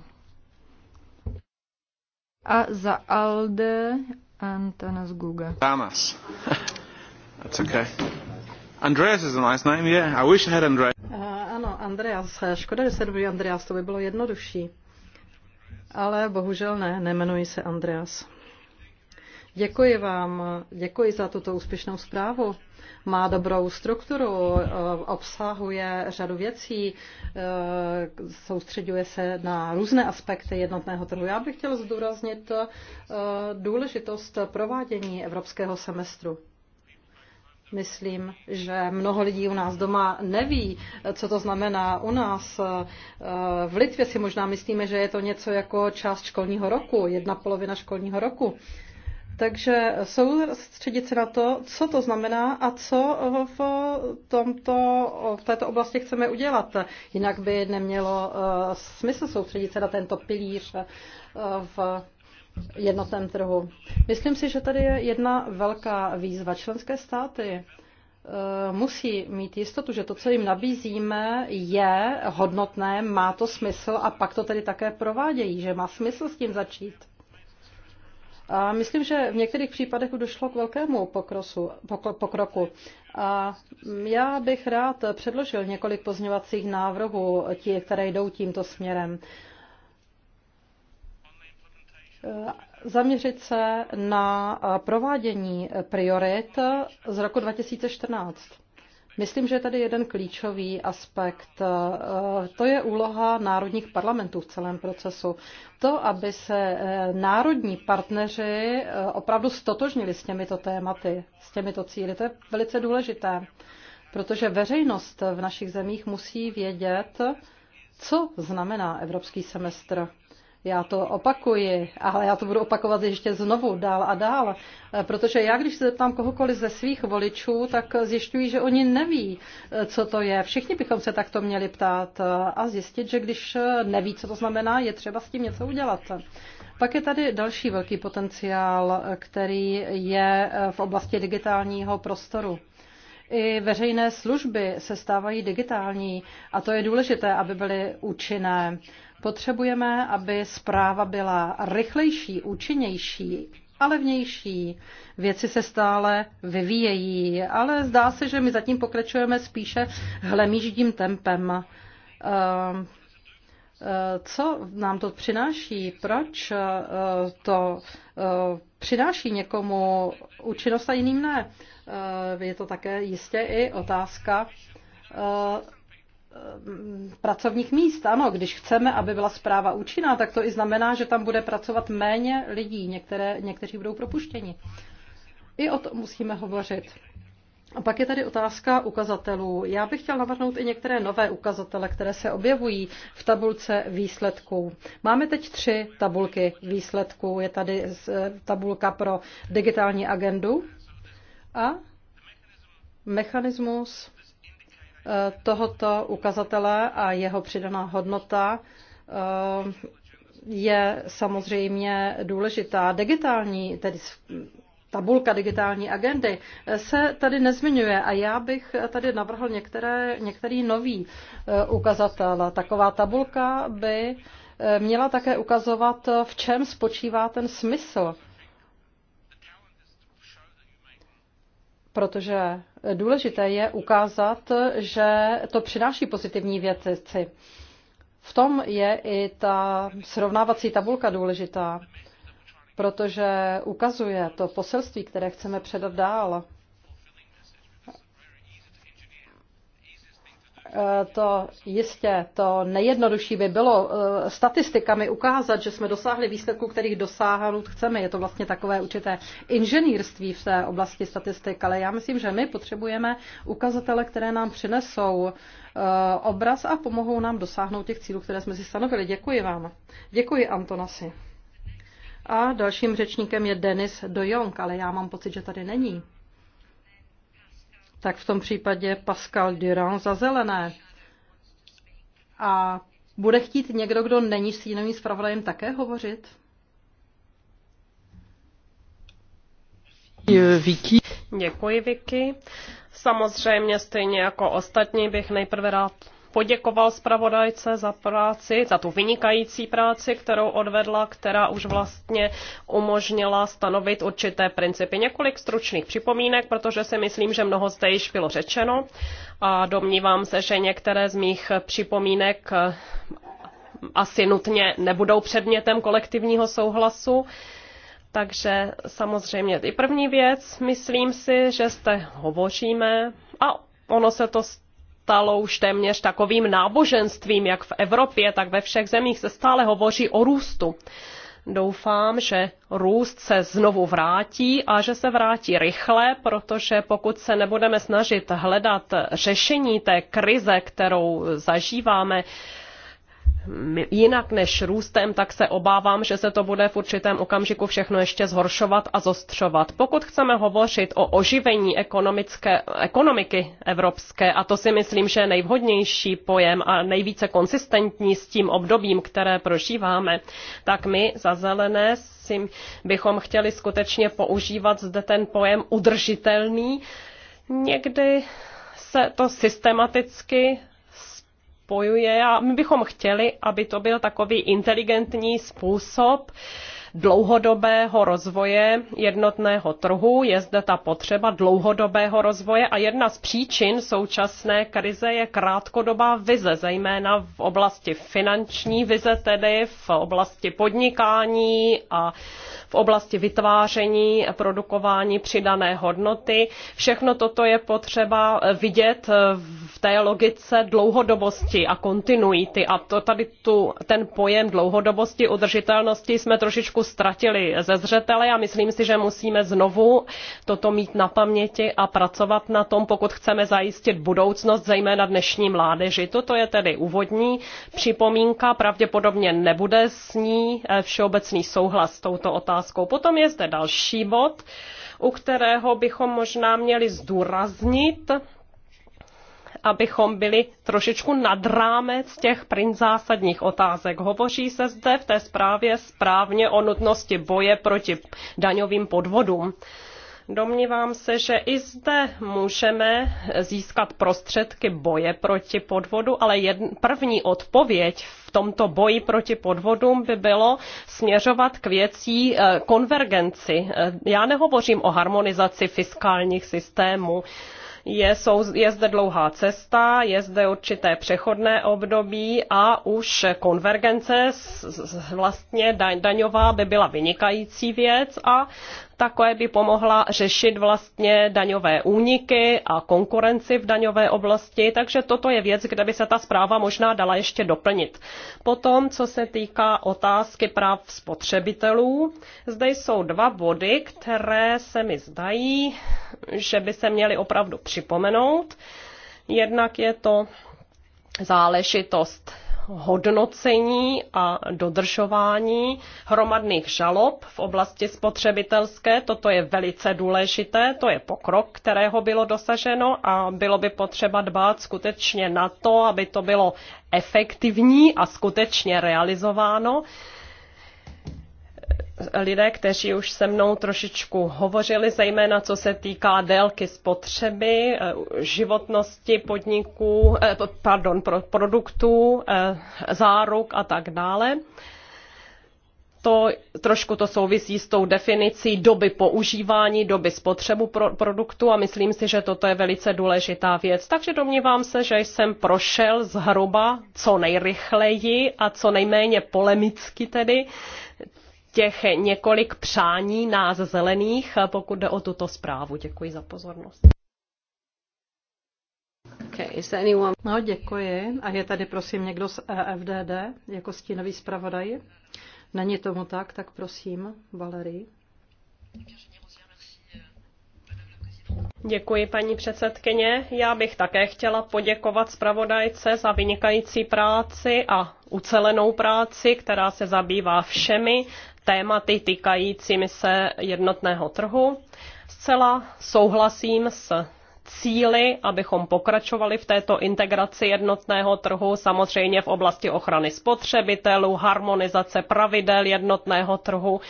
A za Alde Antanas Guga. Thomas. That's okay. Andreas is a nice name, yeah. I wish I had Andreas. Uh, ano, Andreas. Eh, škoda, že se dobrý Andreas, to by bylo jednodušší. Ale bohužel ne, nemenuji se Andreas. Děkuji vám, děkuji za tuto úspěšnou zprávu. Má dobrou strukturu, eh, obsahuje řadu věcí, eh, soustředuje se na různé aspekty jednotného trhu. Já bych chtěl zdůraznit důležitost provádění evropského semestru. Myslím, že mnoho lidí u nás doma neví, co to znamená u nás. Eh, v Litvě si možná myslíme, že je to něco jako část školního roku, jedna polovina školního roku. Takže soustředit se na to, co to znamená a co v, tomto, v této oblasti chceme udělat. Jinak by nemělo eh, smysl soustředit se na tento pilíř eh, v jednotném trhu. Myslím si, že tady je jedna velká výzva. Členské státy eh, musí mít jistotu, že to, co jim nabízíme, je hodnotné, má to smysl a pak to tedy také provádějí, že má smysl s tím začít. A myslím, že v některých případech došlo k velkému pokrosu, pokroku. A já bych rád předložil několik pozměvacích návrhů, tí, které jdou tímto směrem. Uh, Eh, zaměřit se na eh, provádění eh, priorit z roku 2014. Myslím, že je tady jeden klíčový aspekt. To je úloha národních parlamentů v celém procesu. To, aby se národní partneři opravdu stotožnili s těmito tématy, s těmito cíly, to je velice důležité, protože veřejnost v našich zemích musí vědět, co znamená evropský semestr já to opakuji, ale já to budu opakovat ještě znovu, dál a dál. Eh, protože já, když se zeptám kohokoliv ze svých voličů, tak zjišťují, že oni neví, eh, co to je. Všichni bychom se takto měli ptát eh, a zjistit, že když neví, co to znamená, je třeba s tím něco udělat. Pak je tady další velký potenciál, který je v oblasti digitálního prostoru. I veřejné služby se stávají digitální a to je důležité, aby byly účinné. Potřebujeme, aby zpráva byla rychlejší, účinnější, ale vnější. Věci se stále vyvíjejí, ale zdá se, že my zatím pokračujeme spíše hlemíždím tempem. Ehm, ehm, co nám to přináší? Proč eh, to eh, přináší někomu účinnost a jiným ne? Eh, je to také jistě i otázka Eh, pracovních míst. Ano, když chceme, aby byla zpráva účinná, tak to i znamená, že tam bude pracovat méně lidí. Některé, někteří budou propuštěni. I o tom musíme hovořit. A pak je tady otázka ukazatelů. Já bych chtěl navrhnout i některé nové ukazatele, které se objevují v tabulce výsledků. Máme teď tři tabulky výsledků. Je tady eh, tabulka pro digitální agendu a mechanismus Eh, tohoto ukazatele a jeho přidaná hodnota eh, je samozřejmě důležitá. Digitální, tedy tabulka digitální agendy eh, se tady nezmiňuje a já bych tady navrhl některé, některý nový ukazatel. Taková tabulka by měla také ukazovat, v čem spočívá ten smysl protože důležité je ukázat, že to přináší pozitivní věci. V tom je i ta srovnávací tabulka důležitá, protože ukazuje to poselství, které chceme předat dál. Eh, to jistě, to nejjednodušší by bylo eh, statistikami ukázat, že jsme dosáhli výsledků, kterých dosáhnout chceme. Je to vlastně takové určité inženýrství v té oblasti statistik, ale já myslím, že my potřebujeme ukazatele, které nám přinesou eh, obraz a pomohou nám dosáhnout těch cílů, které jsme si stanovili. Děkuji vám. Děkuji Antonasi. A dalším řečníkem je Denis Dojong, ale já mám pocit, že tady není tak v tom případě Pascal Durand za zelené. A bude chtít někdo, kdo není s jiným zpravodajem, také hovořit? Vicky. Děkuji, Vicky. Samozřejmě stejně jako ostatní bych nejprve rád poděkoval zpravodajce za práci, za tu vynikající práci, kterou odvedla, která už vlastně umožnila stanovit určité principy. Několik stručných připomínek, protože si myslím, že mnoho zde již bylo řečeno a domnívám se, že některé z mých připomínek asi nutně nebudou předmětem kolektivního souhlasu. Takže samozřejmě i první věc, myslím si, že zde hovoříme a ono se to stalo už téměř takovým náboženstvím, jak v Evropě, tak ve všech zemích se stále hovoří o růstu. Doufám, že růst se znovu vrátí a že se vrátí rychle, protože pokud se nebudeme snažit hledat řešení té krize, kterou zažíváme, jinak než růstem, tak se obávám, že se to bude v určitém okamžiku všechno ještě zhoršovat a zostřovat. Pokud chceme hovořit o oživení ekonomické, ekonomiky evropské, a to si myslím, že je nejvhodnější pojem a nejvíce konsistentní s tím obdobím, které prožíváme, tak my za zelené si bychom chtěli skutečně používat zde ten pojem udržitelný. Někdy se to systematicky spojuje a my bychom chtěli, aby to byl takový inteligentní způsob dlouhodobého rozvoje jednotného trhu. Je zde ta potřeba dlouhodobého rozvoje a jedna z příčin současné krize je krátkodobá vize, zejména v oblasti finanční vize, tedy v oblasti podnikání a v oblasti vytváření, produkování přidané hodnoty. Všechno toto je potřeba eh, vidět eh, v té logice dlouhodobosti a kontinuity. A to tady tu, ten pojem dlouhodobosti, udržitelnosti jsme trošičku ztratili ze zřetele a myslím si, že musíme znovu toto mít na paměti a pracovat na tom, pokud chceme zajistit budoucnost, zejména dnešní mládeži. Toto je tedy úvodní připomínka, pravděpodobně nebude s ní eh, všeobecný souhlas s touto otázkou otázkou. Potom je zde další bod, u kterého bychom možná měli zdůraznit, abychom byli trošičku nad rámec těch prin zásadních otázek. Hovoří se zde v té zprávě správně o nutnosti boje proti daňovým podvodům. Domnívám se, že i zde můžeme získat prostředky boje proti podvodu, ale jedn, první odpověď v tomto boji proti podvodům by bylo směřovat k věcí eh, konvergenci. Eh, já nehovořím o harmonizaci fiskálních systémů je, jsou, je zde dlouhá cesta, je zde určité přechodné období a už konvergence vlastně daň, daňová by byla vynikající věc a Takové by pomohla řešit vlastně daňové úniky a konkurenci v daňové oblasti, takže toto je věc, kde by se ta zpráva možná dala ještě doplnit. Potom, co se týká otázky práv spotřebitelů, zde jsou dva body, které se mi zdají, že by se měly opravdu připomenout. Jednak je to záležitost hodnocení a dodržování hromadných žalob v oblasti spotřebitelské. Toto je velice důležité, to je pokrok, kterého bylo dosaženo a bylo by potřeba dbát skutečně na to, aby to bylo efektivní a skutečně realizováno lidé, kteří už se mnou trošičku hovořili, zejména co se týká délky spotřeby, eh, životnosti podniků, eh, pardon, produktů, eh, záruk a tak dále. To trošku to souvisí s tou definicí doby používání, doby spotřebu pro, produktu a myslím si, že toto je velice důležitá věc. Takže domnívám se, že jsem prošel zhruba co nejrychleji a co nejméně polemicky tedy uh, těch několik přání nás zelených, pokud jde o tuto zprávu. Děkuji za pozornost. No, děkuji. A je tady prosím někdo z EFDD jako stínový zpravodaj? Není tomu tak, tak prosím, Valery. Děkuji, paní předsedkyně. Já bych také chtěla poděkovat zpravodajce za vynikající práci a ucelenou práci, která se zabývá všemi tématy týkajícími se jednotného trhu. Zcela souhlasím s cíly, abychom pokračovali v této integraci jednotného trhu, samozřejmě v oblasti ochrany spotřebitelů, harmonizace pravidel jednotného trhu,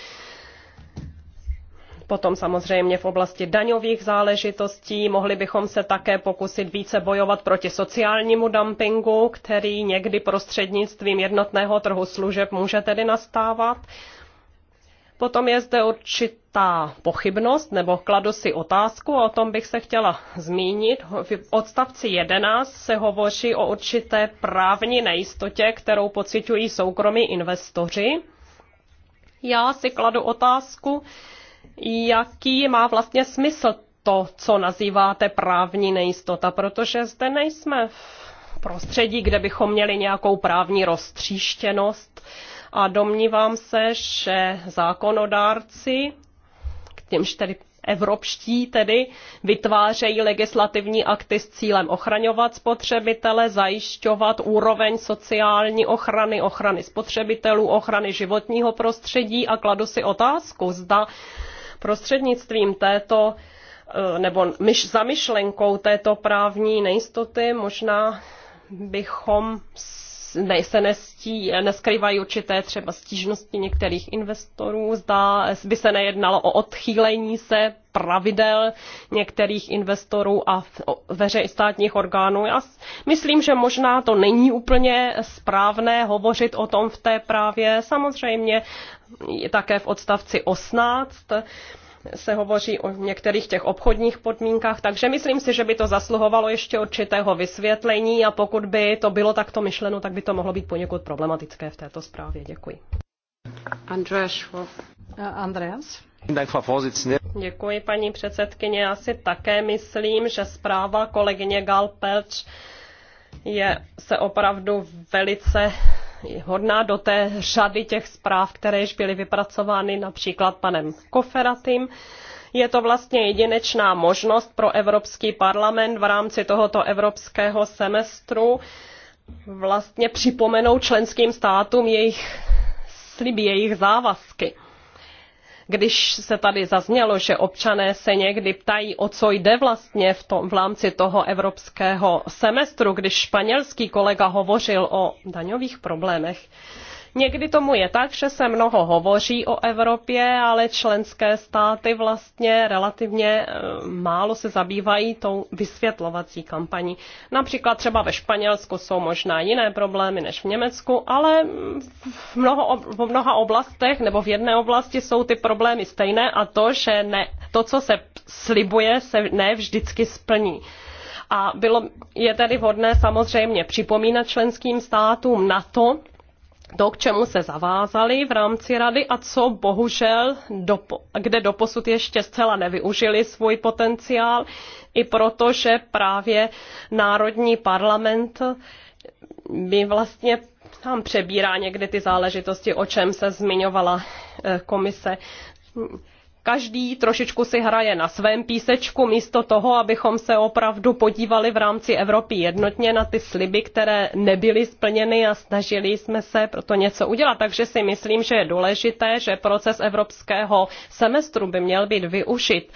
potom samozřejmě v oblasti daňových záležitostí. Mohli bychom se také pokusit více bojovat proti sociálnímu dumpingu, který někdy prostřednictvím jednotného trhu služeb může tedy nastávat. Potom je zde určitá pochybnost, nebo kladu si otázku, a o tom bych se chtěla zmínit. V odstavci 11 se hovoří o určité právní nejistotě, kterou pocitují soukromí investoři. Já si kladu otázku, jaký má vlastně smysl to, co nazýváte právní nejistota, protože zde nejsme v prostředí, kde bychom měli nějakou právní roztříštěnost a domnívám se, že zákonodárci, k těmž tedy evropští tedy, vytvářejí legislativní akty s cílem ochraňovat spotřebitele, zajišťovat úroveň sociální ochrany, ochrany spotřebitelů, ochrany životního prostředí a kladu si otázku, zda prostřednictvím této eh, nebo myš, za myšlenkou této právní nejistoty možná bychom se nestí, neskrývají určité třeba stížnosti některých investorů. Zdá by se nejednalo o odchýlení se pravidel některých investorů a veře státních orgánů. Já myslím, že možná to není úplně správné hovořit o tom v té právě. Samozřejmě je také v odstavci 18 se hovoří o některých těch obchodních podmínkách, takže myslím si, že by to zasluhovalo ještě určitého vysvětlení a pokud by to bylo takto myšleno, tak by to mohlo být poněkud problematické v této zprávě. Děkuji. Andreas. Eh, Andreas. Děkuji, paní předsedkyně. Já si také myslím, že zpráva kolegyně Galpelč je, se opravdu velice hodná do té řady těch zpráv, které již byly vypracovány například panem Koferatým. Je to vlastně jedinečná možnost pro Evropský parlament v rámci tohoto evropského semestru vlastně připomenout členským státům jejich sliby, jejich závazky. Když se tady zaznělo, že občané se někdy ptají, o co jde vlastně v, tom, v rámci toho evropského semestru, když španělský kolega hovořil o daňových problémech, Někdy tomu je tak, že se mnoho hovoří o Evropě, ale členské státy vlastně relativně eh, málo se zabývají tou vysvětlovací kampaní. Například třeba ve Španělsku jsou možná jiné problémy než v Německu, ale v, mnoho, v mnoha oblastech nebo v jedné oblasti jsou ty problémy stejné a to, že ne, to, co se slibuje, se ne vždycky splní. A bylo, je tedy vhodné samozřejmě připomínat členským státům na to, to, k čemu se zavázali v rámci rady a co bohužel, dopo, kde doposud ještě zcela nevyužili svůj potenciál, i protože právě Národní parlament by vlastně tam přebírá někdy ty záležitosti, o čem se zmiňovala eh, komise. Každý trošičku si hraje na svém písečku, místo toho, abychom se opravdu podívali v rámci Evropy jednotně na ty sliby, které nebyly splněny a snažili jsme se proto něco udělat. Takže si myslím, že je důležité, že proces evropského semestru by měl být využit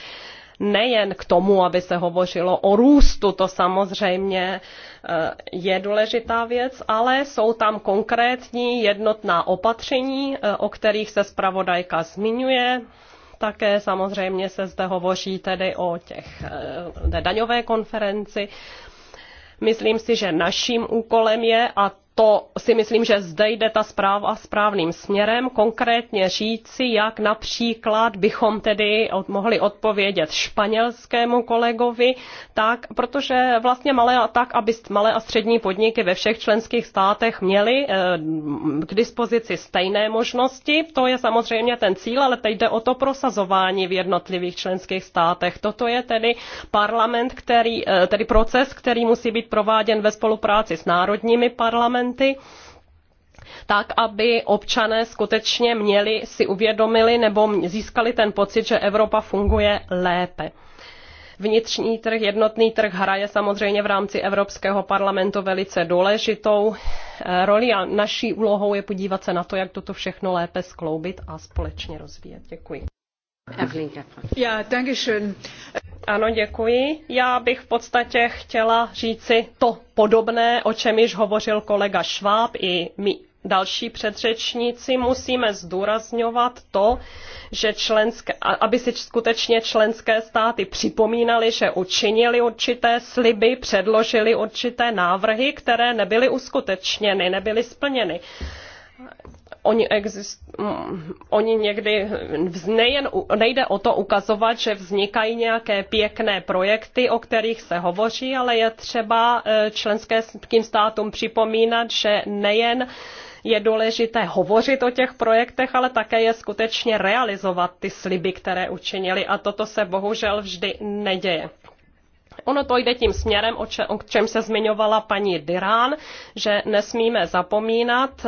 nejen k tomu, aby se hovořilo o růstu, to samozřejmě eh, je důležitá věc, ale jsou tam konkrétní jednotná opatření, eh, o kterých se zpravodajka zmiňuje, také samozřejmě se zde hovoří tedy o těch eh, daňové konferenci. Myslím si, že naším úkolem je, a to si myslím, že zde jde ta zpráva správným směrem. Konkrétně říci, jak například bychom tedy od, mohli odpovědět španělskému kolegovi, tak, protože vlastně malé a tak, aby malé a střední podniky ve všech členských státech měly eh, k dispozici stejné možnosti. To je samozřejmě ten cíl, ale teď jde o to prosazování v jednotlivých členských státech. Toto je tedy parlament, který, eh, tedy proces, který musí být prováděn ve spolupráci s národními parlamenty parlamenty tak aby občané skutečně měli, si uvědomili nebo získali ten pocit, že Evropa funguje lépe. Vnitřní trh, jednotný trh hraje samozřejmě v rámci Evropského parlamentu velice důležitou eh, roli a naší úlohou je podívat se na to, jak toto všechno lépe skloubit a společně rozvíjet. Děkuji. Já, Ano, děkuji. Já bych v podstatě chtěla říci to podobné, o čem již hovořil kolega Šváb i my další předřečníci. Musíme zdůrazňovat to, že aby si skutečně členské státy připomínaly, že učinily určité sliby, předložili určité návrhy, které nebyly uskutečněny, nebyly splněny oni, exist, mm, oni někdy nejen, nejde o to ukazovat, že vznikají nějaké pěkné projekty, o kterých se hovoří, ale je třeba e, členským státům připomínat, že nejen je důležité hovořit o těch projektech, ale také je skutečně realizovat ty sliby, které učinili. A toto se bohužel vždy neděje. Ono to jde tím směrem, o, če, o čem se zmiňovala paní Dirán, že nesmíme zapomínat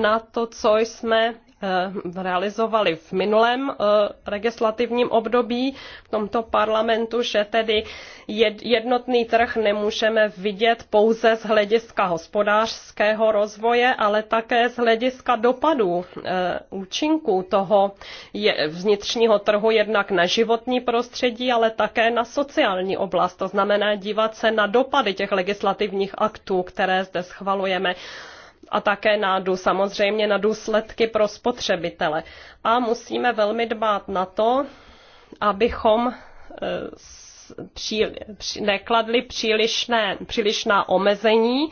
na to, co jsme Eh, realizovali v minulém eh, legislativním období v tomto parlamentu, že tedy jednotný trh nemůžeme vidět pouze z hlediska hospodářského rozvoje, ale také z hlediska dopadů eh, účinků toho vnitřního trhu jednak na životní prostředí, ale také na sociální oblast. To znamená dívat se na dopady těch legislativních aktů, které zde schvalujeme a také na, samozřejmě na důsledky pro spotřebitele. A musíme velmi dbát na to, abychom e, nekladli přílišné, přílišná omezení,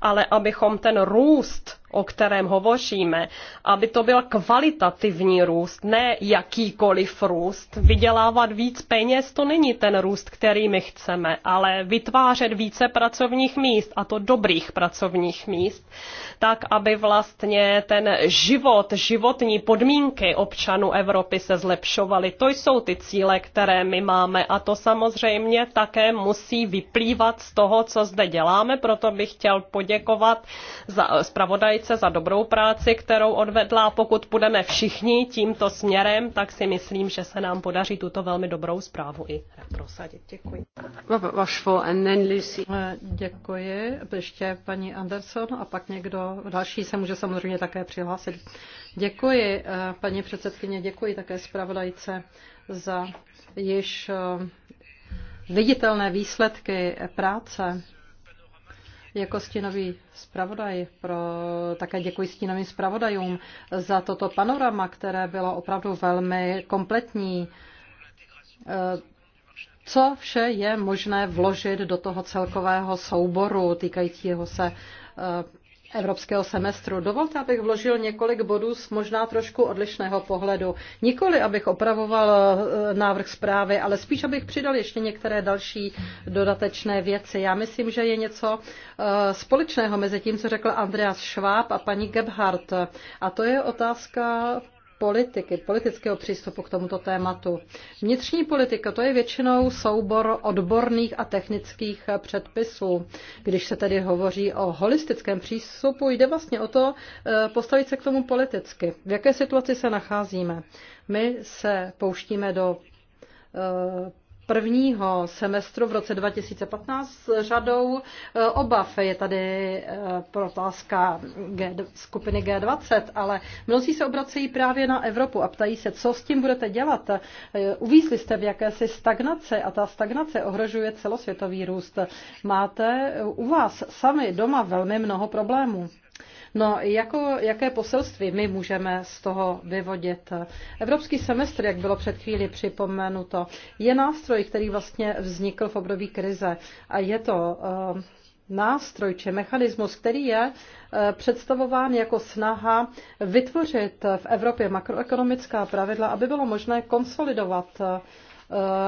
ale abychom ten růst o kterém hovoříme, aby to byl kvalitativní růst, ne jakýkoliv růst. Vydělávat víc peněz to není ten růst, který my chceme, ale vytvářet více pracovních míst, a to dobrých pracovních míst, tak aby vlastně ten život, životní podmínky občanů Evropy se zlepšovaly. To jsou ty cíle, které my máme a to samozřejmě také musí vyplývat z toho, co zde děláme, proto bych chtěl poděkovat za zpravodajce zpravodajce za dobrou práci, kterou odvedla. Pokud půjdeme všichni tímto směrem, tak si myslím, že se nám podaří tuto velmi dobrou zprávu i prosadit. Děkuji. Eh, děkuji. Ještě paní Anderson a pak někdo další se může samozřejmě také přihlásit. Děkuji, eh, paní předsedkyně, děkuji také zpravodajce za již eh, viditelné výsledky práce jako stínový zpravodaj pro, také děkuji stínovým zpravodajům za toto panorama, které bylo opravdu velmi kompletní. Eh, co vše je možné vložit do toho celkového souboru týkajícího se eh, evropského semestru. Dovolte, abych vložil několik bodů z možná trošku odlišného pohledu. Nikoli, abych opravoval eh, návrh zprávy, ale spíš, abych přidal ještě některé další dodatečné věci. Já myslím, že je něco eh, společného mezi tím, co řekl Andreas Schwab a paní Gebhardt. A to je otázka politiky, politického přístupu k tomuto tématu. Vnitřní politika to je většinou soubor odborných a technických předpisů. Když se tedy hovoří o holistickém přístupu, jde vlastně o to eh, postavit se k tomu politicky. V jaké situaci se nacházíme? My se pouštíme do eh, prvního semestru v roce 2015 s řadou e, obav. Je tady e, protázka G, skupiny G20, ale mnozí se obracejí právě na Evropu a ptají se, co s tím budete dělat. E, uvízli jste v jakési stagnace a ta stagnace ohrožuje celosvětový růst. Máte u vás sami doma velmi mnoho problémů. No, jako, jaké poselství my můžeme z toho vyvodit? Evropský semestr, jak bylo před chvíli připomenuto, je nástroj, který vlastně vznikl v období krize a je to eh, nástroj či mechanismus, který je eh, představován jako snaha vytvořit v Evropě makroekonomická pravidla, aby bylo možné konsolidovat eh,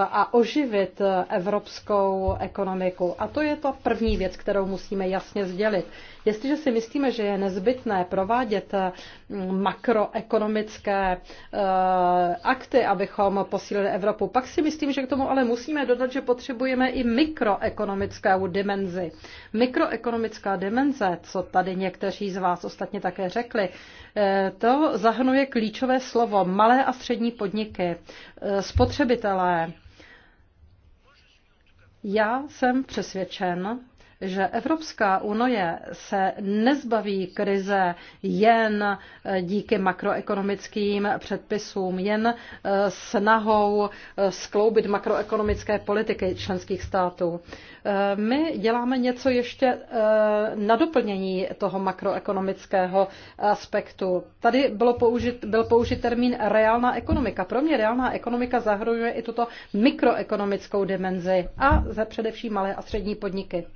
a oživit evropskou ekonomiku. A to je ta první věc, kterou musíme jasně sdělit. Jestliže si myslíme, že je nezbytné provádět eh, makroekonomické eh, akty, abychom posílili Evropu, pak si myslím, že k tomu ale musíme dodat, že potřebujeme i mikroekonomickou dimenzi. Mikroekonomická dimenze, co tady někteří z vás ostatně také řekli, eh, to zahrnuje klíčové slovo malé a střední podniky, spotřebitelé. Já jsem přesvědčen, že Evropská unie se nezbaví krize jen díky makroekonomickým předpisům, jen eh, snahou eh, skloubit makroekonomické politiky členských států. Eh, my děláme něco ještě na doplnění toho makroekonomického aspektu. Tady bylo použit, byl použit termín reálná ekonomika. Pro mě reálná ekonomika zahrnuje i tuto mikroekonomickou dimenzi a za především malé a střední podniky.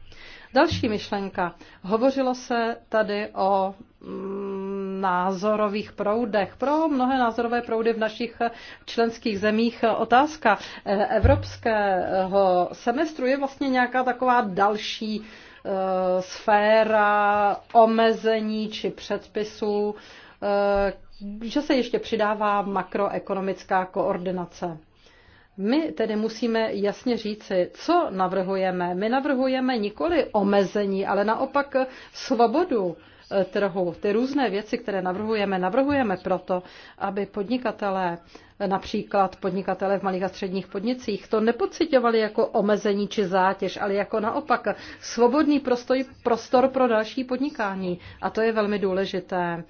Další myšlenka. Hovořilo se tady o mm, názorových proudech. Pro mnohé názorové proudy v našich členských zemích otázka eh, evropského semestru je vlastně nějaká taková další eh, sféra omezení či předpisů, eh, že se ještě přidává makroekonomická koordinace. My tedy musíme jasně říci, co navrhujeme. My navrhujeme nikoli omezení, ale naopak svobodu eh, trhu. Ty různé věci, které navrhujeme, navrhujeme proto, aby podnikatelé, eh, například podnikatelé v malých a středních podnicích, to nepocitovali jako omezení či zátěž, ale jako naopak svobodný prostor pro další podnikání. A to je velmi důležité.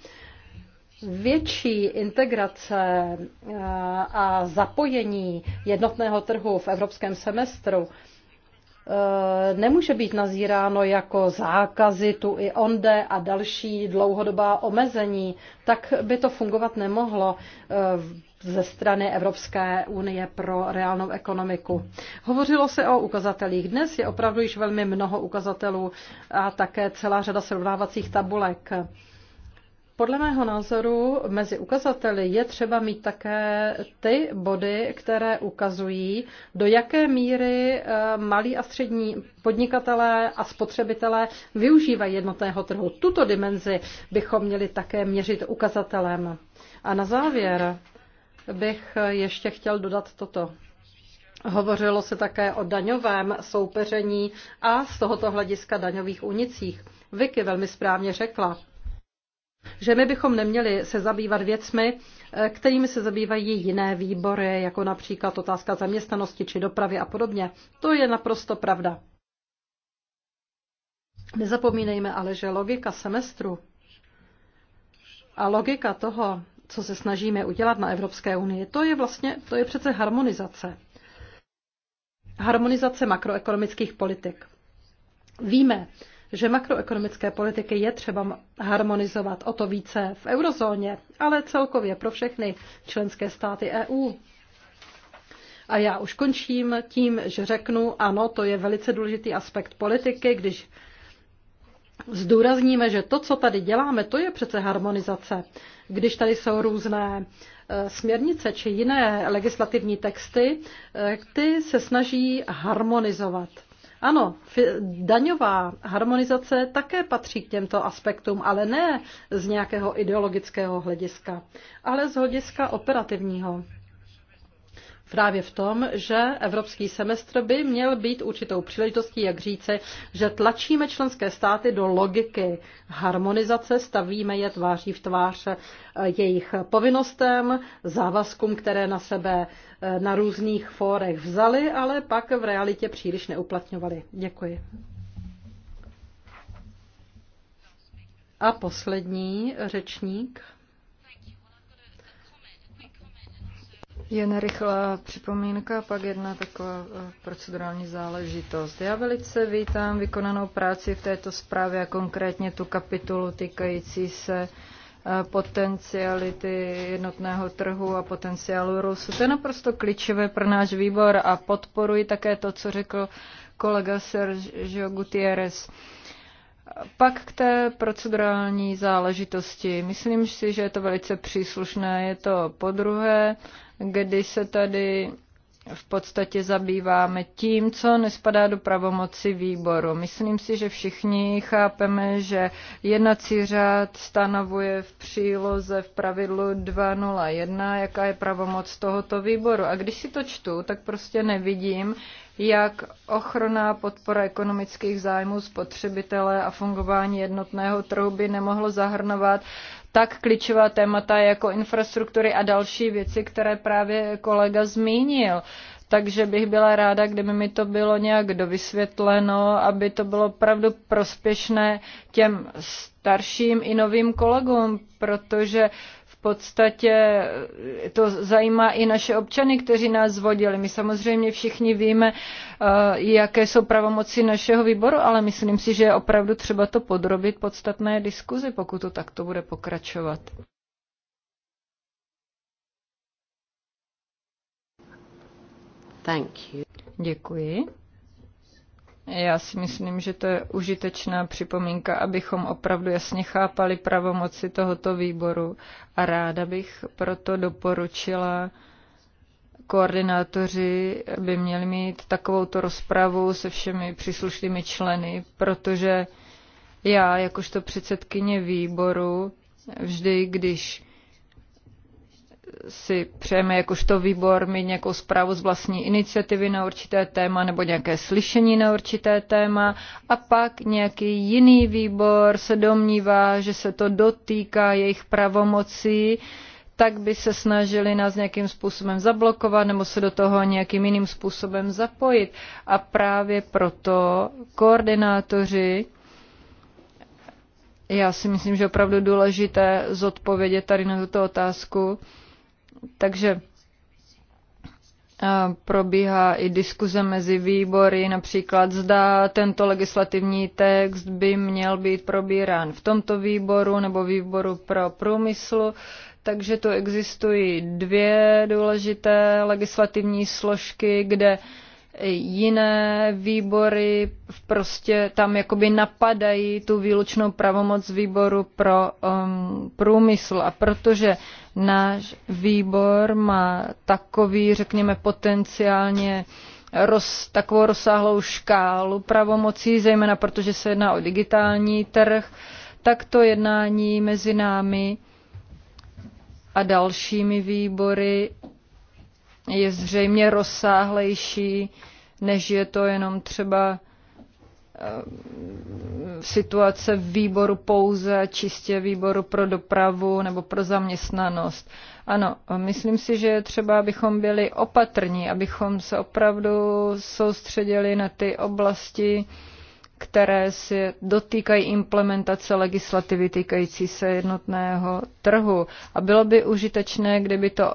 Větší integrace eh, a zapojení jednotného trhu v evropském semestru eh, nemůže být nazíráno jako zákazy tu i onde a další dlouhodobá omezení, tak by to fungovat nemohlo eh, ze strany Evropské unie pro reálnou ekonomiku. Hovořilo se o ukazatelích. Dnes je opravdu již velmi mnoho ukazatelů a také celá řada srovnávacích tabulek. Podle mého názoru mezi ukazateli je třeba mít také ty body, které ukazují, do jaké míry eh, malí a střední podnikatelé a spotřebitelé využívají jednotného trhu. Tuto dimenzi bychom měli také měřit ukazatelem. A na závěr bych ještě chtěl dodat toto. Hovořilo se také o daňovém soupeření a z tohoto hlediska daňových unicích. Vicky velmi správně řekla, že my bychom neměli se zabývat věcmi, eh, kterými se zabývají jiné výbory, jako například otázka zaměstnanosti či dopravy a podobně. To je naprosto pravda. Nezapomínejme ale, že logika semestru a logika toho, co se snažíme udělat na Evropské unii, to je vlastně, to je přece harmonizace. Harmonizace makroekonomických politik. Víme, že makroekonomické politiky je třeba harmonizovat o to více v eurozóně, ale celkově pro všechny členské státy EU. A já už končím tím, že řeknu, ano, to je velice důležitý aspekt politiky, když zdůrazníme, že to, co tady děláme, to je přece harmonizace. Když tady jsou různé e, směrnice či jiné legislativní texty, e, ty se snaží harmonizovat. Ano, daňová harmonizace také patří k těmto aspektům, ale ne z nějakého ideologického hlediska, ale z hlediska operativního právě v tom, že evropský semestr by měl být určitou příležitostí, jak říci, že tlačíme členské státy do logiky harmonizace, stavíme je tváří v tvář eh, jejich povinnostem, závazkům, které na sebe eh, na různých fórech vzali, ale pak v realitě příliš neuplatňovali. Děkuji. A poslední řečník. Jen rychlá připomínka, pak jedna taková eh, procedurální záležitost. Já velice vítám vykonanou práci v této zprávě a konkrétně tu kapitolu týkající se eh, potenciality jednotného trhu a potenciálu Rusu. To je naprosto klíčové pro náš výbor a podporuji také to, co řekl kolega Sergio Gutierrez. Pak k té procedurální záležitosti. Myslím si, že je to velice příslušné. Je to podruhé kdy se tady v podstatě zabýváme tím, co nespadá do pravomoci výboru. Myslím si, že všichni chápeme, že jednací řád stanovuje v příloze v pravidlu 201, jaká je pravomoc tohoto výboru. A když si to čtu, tak prostě nevidím, jak ochrana podpora ekonomických zájmů spotřebitele a fungování jednotného trhu by nemohlo zahrnovat tak klíčová témata jako infrastruktury a další věci, které právě kolega zmínil. Takže bych byla ráda, kdyby mi to bylo nějak dovysvětleno, aby to bylo opravdu prospěšné těm starším i novým kolegům, protože uh, podstatě to zajímá i naše občany, kteří nás zvodili. My samozřejmě všichni víme, eh, jaké jsou pravomoci našeho výboru, ale myslím si, že je opravdu třeba to podrobit podstatné diskuzi, pokud to takto bude pokračovat. Thank you. Děkuji. Já si myslím, že to je užitečná připomínka, abychom opravdu jasně chápali pravomoci tohoto výboru a ráda bych proto doporučila koordinátoři by měli mít takovouto rozpravu se všemi příslušnými členy, protože já, jakožto předsedkyně výboru, vždy, když si přejeme jakožto výbor mít nějakou zprávu z vlastní iniciativy na určité téma nebo nějaké slyšení na určité téma a pak nějaký jiný výbor se domnívá, že se to dotýká jejich pravomocí, tak by se snažili nás nějakým způsobem zablokovat nebo se do toho nějakým jiným způsobem zapojit. A právě proto koordinátoři já si myslím, že opravdu důležité zodpovědět tady na tuto otázku, takže eh, probíhá i diskuze mezi výbory, například zda tento legislativní text by měl být probírán v tomto výboru nebo výboru pro průmysl. Takže tu existují dvě důležité legislativní složky, kde jiné výbory prostě tam jakoby napadají tu výlučnou pravomoc výboru pro um, průmysl. A protože Náš výbor má takový, řekněme, potenciálně roz, takovou rozsáhlou škálu pravomocí, zejména protože se jedná o digitální trh, tak to jednání mezi námi a dalšími výbory je zřejmě rozsáhlejší, než je to jenom třeba Eh, situace výboru pouze, čistě výboru pro dopravu nebo pro zaměstnanost. Ano, myslím si, že třeba, abychom byli opatrní, abychom se opravdu soustředili na ty oblasti, které se dotýkají implementace legislativy týkající se jednotného trhu. A bylo by užitečné, kdyby to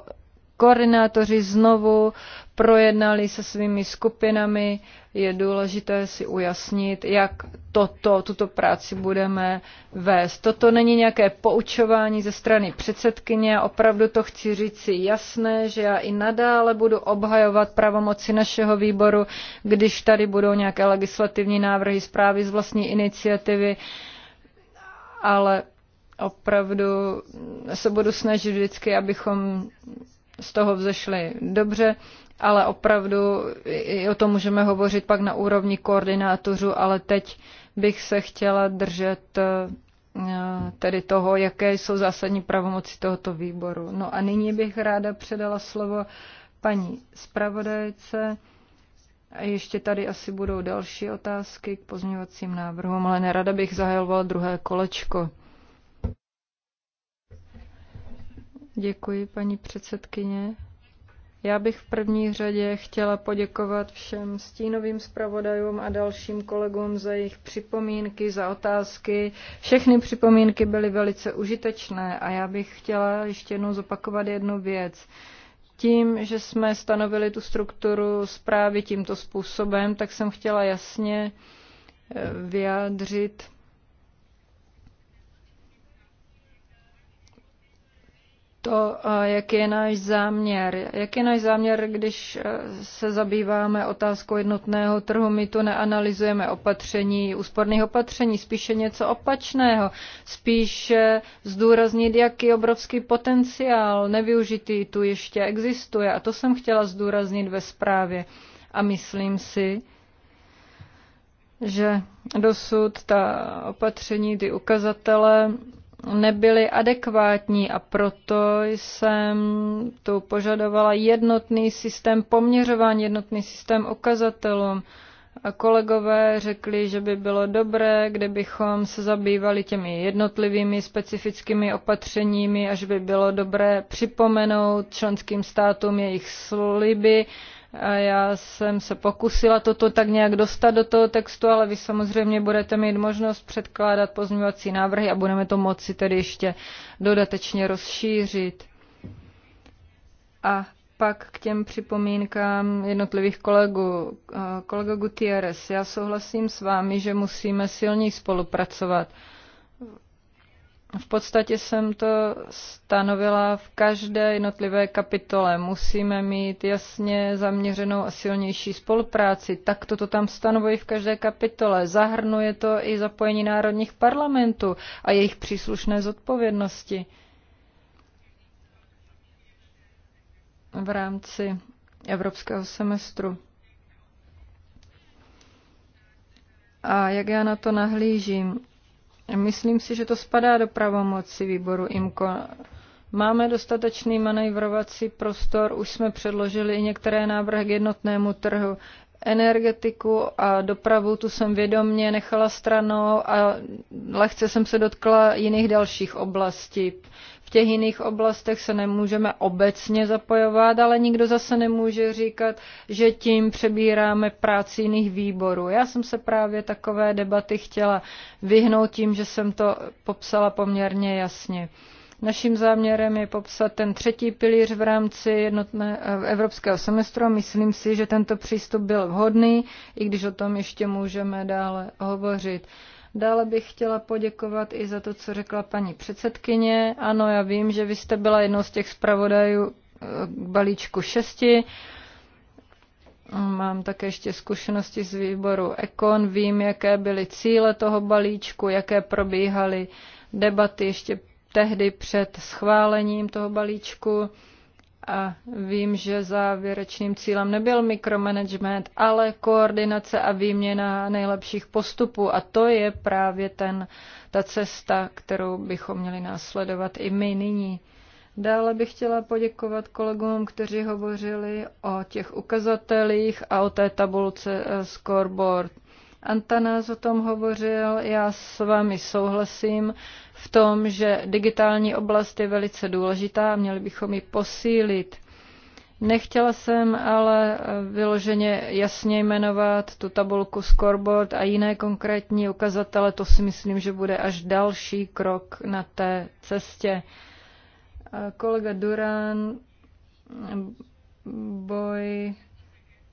koordinátoři znovu projednali se svými skupinami. Je důležité si ujasnit, jak toto, tuto práci budeme vést. Toto není nějaké poučování ze strany předsedkyně, opravdu to chci říct si jasné, že já i nadále budu obhajovat pravomoci našeho výboru, když tady budou nějaké legislativní návrhy zprávy z vlastní iniciativy, ale opravdu se budu snažit vždycky, abychom z toho vzešli dobře ale opravdu i o tom můžeme hovořit pak na úrovni koordinátorů, ale teď bych se chtěla držet eh, tedy toho, jaké jsou zásadní pravomoci tohoto výboru. No a nyní bych ráda předala slovo paní zpravodajce. Ještě tady asi budou další otázky k pozměňovacím návrhům, ale nerada bych zahajovala druhé kolečko. Děkuji, paní předsedkyně. Já bych v první řadě chtěla poděkovat všem stínovým zpravodajům a dalším kolegům za jejich připomínky, za otázky. Všechny připomínky byly velice užitečné a já bych chtěla ještě jednou zopakovat jednu věc. Tím, že jsme stanovili tu strukturu zprávy tímto způsobem, tak jsem chtěla jasně eh, vyjádřit to, jaký je náš záměr. Jaký je náš záměr, když e, se zabýváme otázkou jednotného trhu? My tu neanalizujeme opatření, úsporných opatření, spíše něco opačného, spíše zdůraznit, jaký obrovský potenciál nevyužitý tu ještě existuje. A to jsem chtěla zdůraznit ve zprávě. A myslím si, že dosud ta opatření, ty ukazatele nebyly adekvátní a proto jsem tu požadovala jednotný systém poměřování, jednotný systém ukazatelům. A kolegové řekli, že by bylo dobré, kdybychom se zabývali těmi jednotlivými specifickými opatřeními a že by bylo dobré připomenout členským státům jejich sliby a já jsem se pokusila toto tak nějak dostat do toho textu, ale vy samozřejmě budete mít možnost předkládat pozměňovací návrhy a budeme to moci tedy ještě dodatečně rozšířit. A pak k těm připomínkám jednotlivých kolegů. Eh, kolega Gutierrez, já souhlasím s vámi, že musíme silněji spolupracovat. V podstatě jsem to stanovila v každé jednotlivé kapitole. Musíme mít jasně zaměřenou a silnější spolupráci. Tak toto tam stanovuji v každé kapitole. Zahrnuje to i zapojení národních parlamentů a jejich příslušné zodpovědnosti. v rámci evropského semestru. A jak já na to nahlížím? Myslím si, že to spadá do pravomoci výboru IMCO. Máme dostatečný manévrovací prostor, už jsme předložili i některé návrhy k jednotnému trhu. Energetiku a dopravu tu jsem vědomně nechala stranou a lehce jsem se dotkla jiných dalších oblastí. V těch jiných oblastech se nemůžeme obecně zapojovat, ale nikdo zase nemůže říkat, že tím přebíráme práci jiných výborů. Já jsem se právě takové debaty chtěla vyhnout tím, že jsem to popsala poměrně jasně. Naším záměrem je popsat ten třetí pilíř v rámci jednotné, eh, evropského semestru. Myslím si, že tento přístup byl vhodný, i když o tom ještě můžeme dále hovořit. Dále bych chtěla poděkovat i za to, co řekla paní předsedkyně. Ano, já vím, že vy jste byla jednou z těch zpravodajů eh, k balíčku šesti. Mám také ještě zkušenosti z výboru Ekon, vím, jaké byly cíle toho balíčku, jaké probíhaly debaty ještě tehdy před schválením toho balíčku a vím, že závěrečným cílem nebyl mikromanagement, ale koordinace a výměna nejlepších postupů. A to je právě ten, ta cesta, kterou bychom měli následovat i my nyní. Dále bych chtěla poděkovat kolegům, kteří hovořili o těch ukazatelích a o té tabulce eh, scoreboard. Antanas o tom hovořil, já s vámi souhlasím v tom, že digitální oblast je velice důležitá a měli bychom ji posílit. Nechtěla jsem ale vyloženě jasně jmenovat tu tabulku scoreboard a jiné konkrétní ukazatele. To si myslím, že bude až další krok na té cestě. Kolega Duran, boj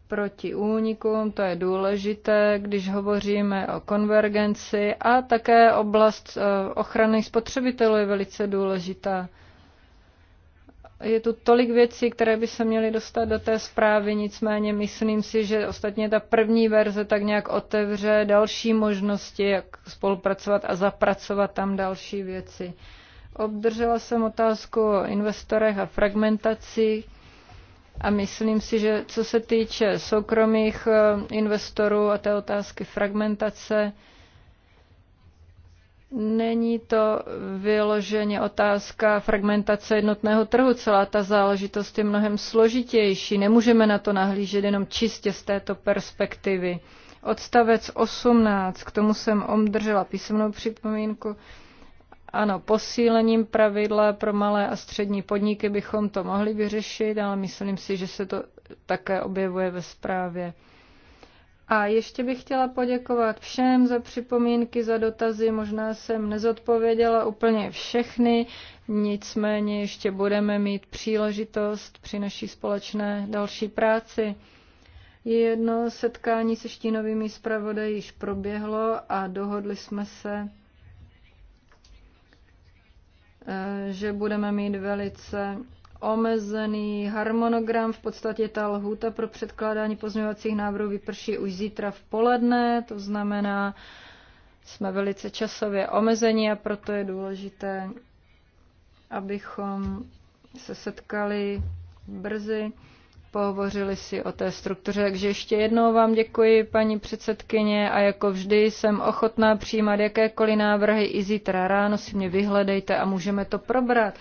proti únikům, to je důležité, když hovoříme o konvergenci a také oblast eh, ochrany spotřebitelů je velice důležitá. Je tu tolik věcí, které by se měly dostat do té zprávy, nicméně myslím si, že ostatně ta první verze tak nějak otevře další možnosti, jak spolupracovat a zapracovat tam další věci. Obdržela jsem otázku o investorech a fragmentacích. A myslím si, že co se týče soukromých eh, investorů a té otázky fragmentace, není to vyloženě otázka fragmentace jednotného trhu. Celá ta záležitost je mnohem složitější. Nemůžeme na to nahlížet jenom čistě z této perspektivy. Odstavec 18, k tomu jsem obdržela písemnou připomínku ano, posílením pravidla pro malé a střední podniky bychom to mohli vyřešit, ale myslím si, že se to také objevuje ve zprávě. A ještě bych chtěla poděkovat všem za připomínky, za dotazy. Možná jsem nezodpověděla úplně všechny, nicméně ještě budeme mít příležitost při naší společné další práci. Jedno setkání se štínovými zpravodaji již proběhlo a dohodli jsme se Eh, že budeme mít velice omezený harmonogram. V podstatě ta lhůta pro předkládání pozměňovacích návrhů vyprší už zítra v poledne, to znamená, jsme velice časově omezeni a proto je důležité, abychom se setkali brzy pohovořili si o té struktuře. Takže ještě jednou vám děkuji, paní předsedkyně, a jako vždy jsem ochotná přijímat jakékoliv návrhy. I zítra ráno si mě vyhledejte a můžeme to probrat.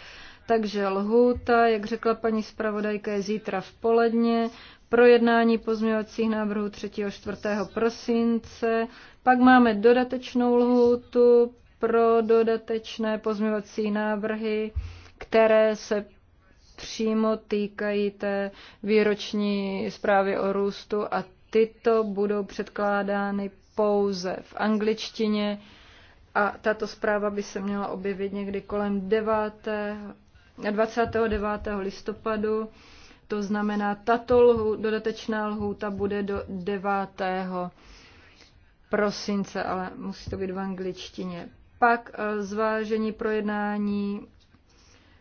Takže lhůta, jak řekla paní zpravodajka, je zítra v poledně. Projednání pozměňovacích návrhů 3. a 4. prosince. Pak máme dodatečnou lhůtu pro dodatečné pozměňovací návrhy, které se přímo týkají té výroční zprávy o růstu a tyto budou předkládány pouze v angličtině a tato zpráva by se měla objevit někdy kolem 9. 29. listopadu. To znamená, tato lhů, dodatečná lhůta bude do 9. prosince, ale musí to být v angličtině. Pak eh, zvážení projednání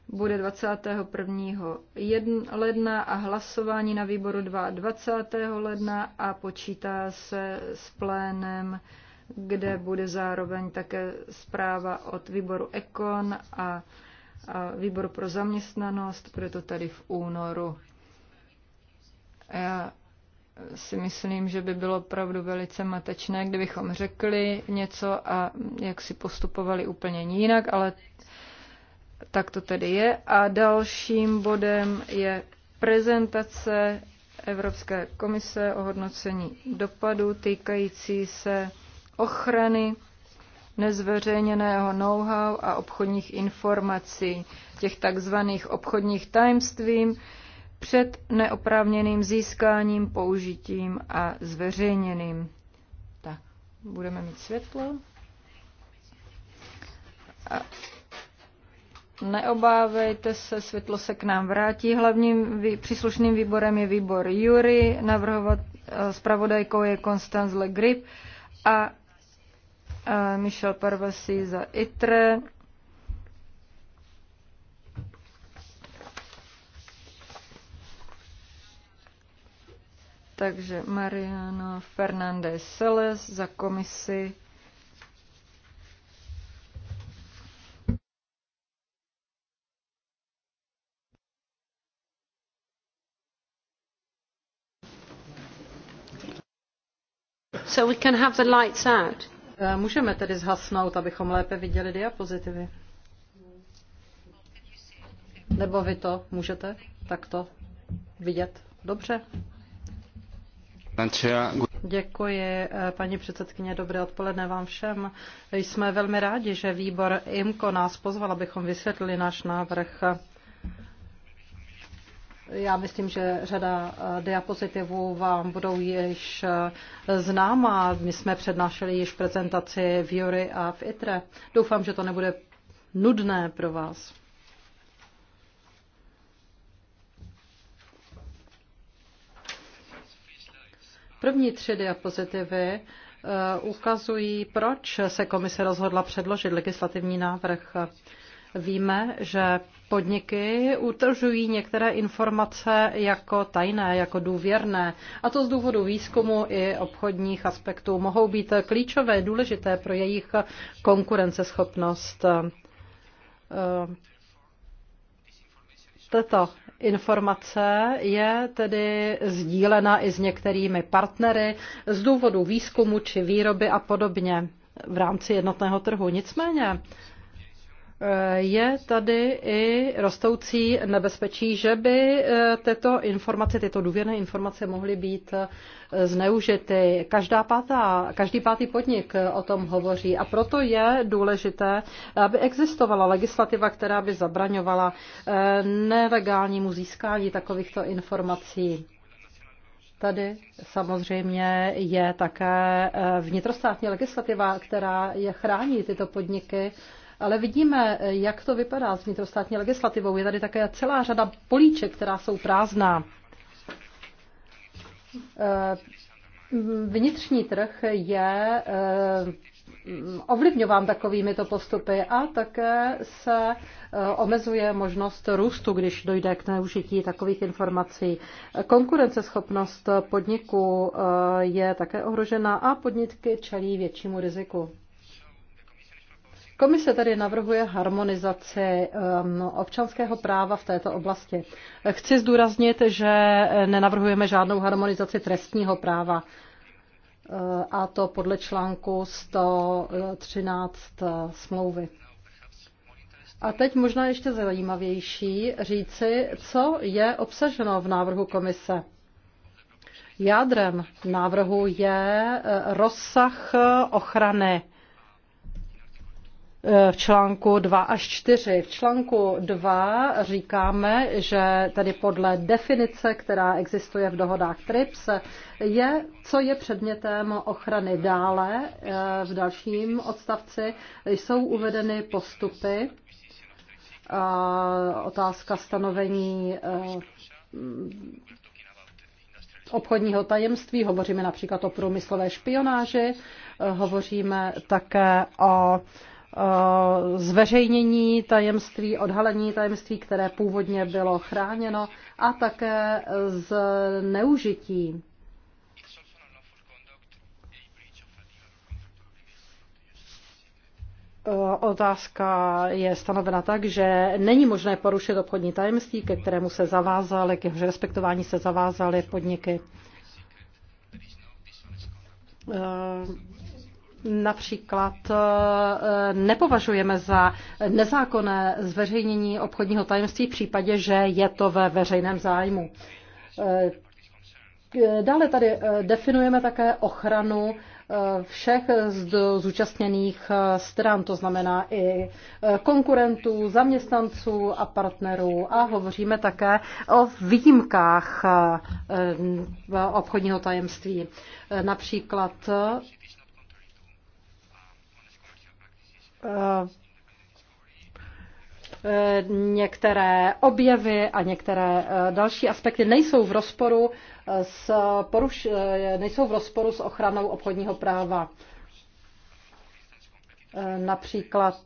bude 21. ledna a hlasování na výboru 22. ledna a počítá se s plénem, kde bude zároveň také zpráva od výboru Ekon a, výboru pro zaměstnanost, bude to tady v únoru. Já si myslím, že by bylo opravdu velice matečné, kdybychom řekli něco a jak si postupovali úplně jinak, ale tak to tedy je. A dalším bodem je prezentace Evropské komise o hodnocení dopadu týkající se ochrany nezveřejněného know-how a obchodních informací, těch takzvaných obchodních tajemstvím, před neoprávněným získáním, použitím a zveřejněným. Tak, budeme mít světlo. A Neobávejte se, světlo se k nám vrátí. Hlavním příslušným výborem je výbor Jury, navrhovat eh, zpravodajkou je Constance Le Grip a eh, Michel Parvasi za ITRE. Takže Mariano Fernández Seles za komisi so we can have the lights out. Můžeme tedy zhasnout, abychom lépe viděli diapozitivy. Nebo vy to můžete takto vidět dobře? Děkuji, paní předsedkyně, dobré odpoledne vám všem. Jsme velmi rádi, že výbor IMKO nás pozval, abychom vysvětlili náš návrh já myslím, že řada eh, diapozitivů vám budou již eh, známá. My jsme přednášeli již prezentaci v Jury a v ITRE. Doufám, že to nebude nudné pro vás. První tři diapozitivy eh, ukazují, proč se komise rozhodla předložit legislativní návrh. Víme, že podniky utržují některé informace jako tajné, jako důvěrné. A to z důvodu výzkumu i obchodních aspektů. Mohou být klíčové, důležité pro jejich konkurenceschopnost. Eh, Tato informace je tedy sdílena i s některými partnery z důvodu výzkumu či výroby a podobně v rámci jednotného trhu. Nicméně, je tady i rostoucí nebezpečí, že by e, tyto informace, tyto důvěrné informace mohly být e, zneužity. Každá pátá, každý pátý podnik e, o tom hovoří a proto je důležité, aby existovala legislativa, která by zabraňovala nelegálnímu získání takovýchto informací. Tady samozřejmě je také vnitrostátní legislativa, která je chrání tyto podniky ale vidíme, jak to vypadá s vnitrostátní legislativou. Je tady také celá řada políček, která jsou prázdná. Eh, vnitřní trh je eh, ovlivňován takovýmito postupy a také se eh, omezuje možnost růstu, když dojde k neužití takových informací. Konkurenceschopnost podniku je také ohrožena a podniky čelí většímu riziku. Komise tady navrhuje harmonizaci um, občanského práva v této oblasti. Chci zdůraznit, že nenavrhujeme žádnou harmonizaci trestního práva uh, a to podle článku 113 uh, smlouvy. A teď možná ještě zajímavější říci, co je obsaženo v návrhu komise. Jádrem návrhu je uh, rozsah ochrany v článku 2 až 4. V článku 2 říkáme, že tedy podle definice, která existuje v dohodách TRIPS, je, co je předmětem ochrany dále. Eh, v dalším odstavci jsou uvedeny postupy, eh, otázka stanovení eh, obchodního tajemství, hovoříme například o průmyslové špionáži, hovoříme také o Eh, zveřejnění tajemství, odhalení tajemství, které původně bylo chráněno a také z neužití. Eh, otázka je stanovena tak, že není možné porušit obchodní tajemství, ke kterému se zavázaly, k jehož respektování se zavázaly podniky eh, Například eh, nepovažujeme za nezákonné zveřejnění obchodního tajemství v případě, že je to ve veřejném zájmu. Eh, eh, dále tady definujeme také ochranu všech zúčastněných stran, to znamená i konkurentů, zaměstnanců a partnerů. A hovoříme také o výjimkách obchodního tajemství. Například Eh, eh, některé objevy a některé eh, další aspekty nejsou v rozporu s, poruš, nejsou v rozporu s ochranou obchodního práva. Například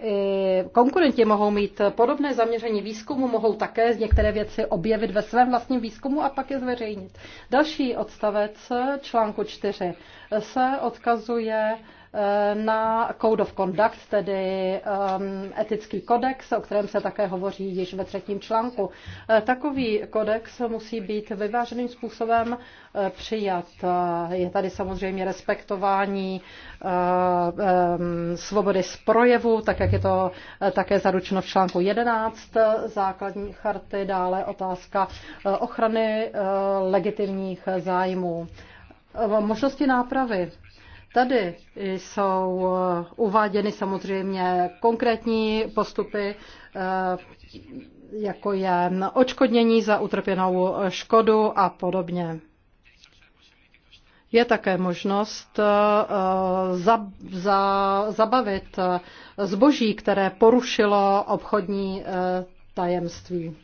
i konkurenti mohou mít podobné zaměření výzkumu, mohou také některé věci objevit ve svém vlastním výzkumu a pak je zveřejnit. Další odstavec článku 4 se odkazuje Eh, na Code of Conduct, tedy ehm, etický kodex, o kterém se také hovoří již ve třetím článku. Eh, takový kodex musí být vyváženým způsobem eh, přijat. Je tady samozřejmě respektování ehm, svobody z projevu, tak jak je to také zaručeno v článku 11 základní charty, dále otázka ochrany legitimních zájmů. Možnosti nápravy. Tady jsou eh, uváděny samozřejmě konkrétní postupy, eh, jako je očkodnění za utrpěnou škodu a podobně. Je také možnost eh, za, za, zabavit zboží, které porušilo obchodní tajemství.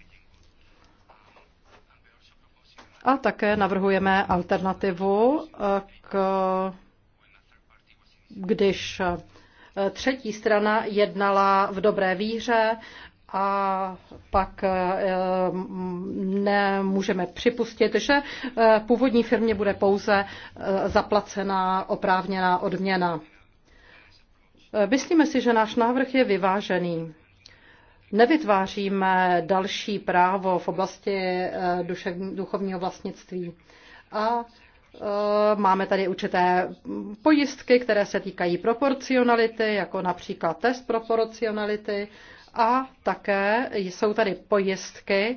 A také navrhujeme alternativu k když eh, třetí strana jednala v dobré víře a pak eh, mm, nemůžeme připustit, že eh, původní firmě bude pouze zaplacená oprávněná odměna. Myslíme si, že náš návrh je vyvážený. Nevytváříme další právo v oblasti duchovního vlastnictví a Eh, máme tady určité pojistky, které se týkají proporcionality, jako například test proporcionality a také jsou tady pojistky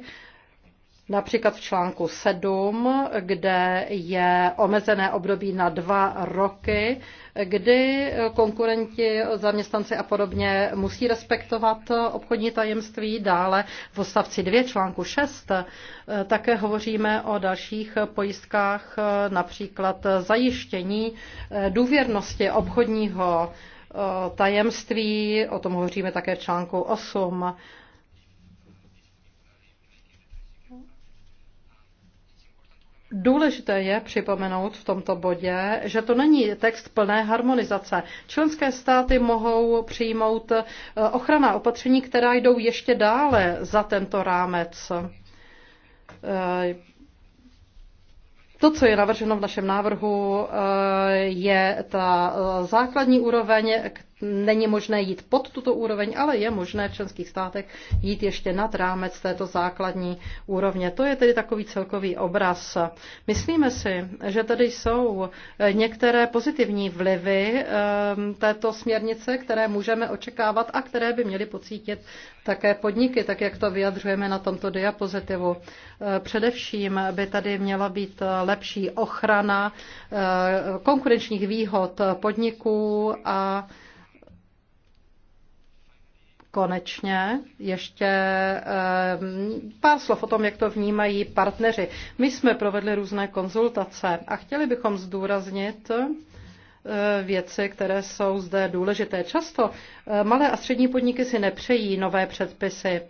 Například v článku 7, kde je omezené období na dva roky, kdy konkurenti, zaměstnanci a podobně musí respektovat obchodní tajemství. Dále v odstavci 2 článku 6 eh, také hovoříme o dalších pojistkách, eh, například zajištění eh, důvěrnosti obchodního tajemství, o tom hovoříme také v článku 8 Důležité je připomenout v tomto bodě, že to není text plné harmonizace. Členské státy mohou přijmout eh, ochranná opatření, která jdou ještě dále za tento rámec. Eh, to, co je navrženo v našem návrhu, eh, je ta základní úroveň, není možné jít pod tuto úroveň, ale je možné v členských státech jít ještě nad rámec této základní úrovně. To je tedy takový celkový obraz. Myslíme si, že tady jsou eh, některé pozitivní vlivy ehm, této směrnice, které můžeme očekávat a které by měly pocítit také podniky, tak jak to vyjadřujeme na tomto diapozitivu. Eh, především by tady měla být eh, lepší ochrana konkurenčních výhod podniků a Konečně ještě eh, pár slov o tom, jak to vnímají partneři. My jsme provedli různé konzultace a chtěli bychom zdůraznit, eh, věci, které jsou zde důležité. Často eh, malé a střední podniky si nepřejí nové předpisy,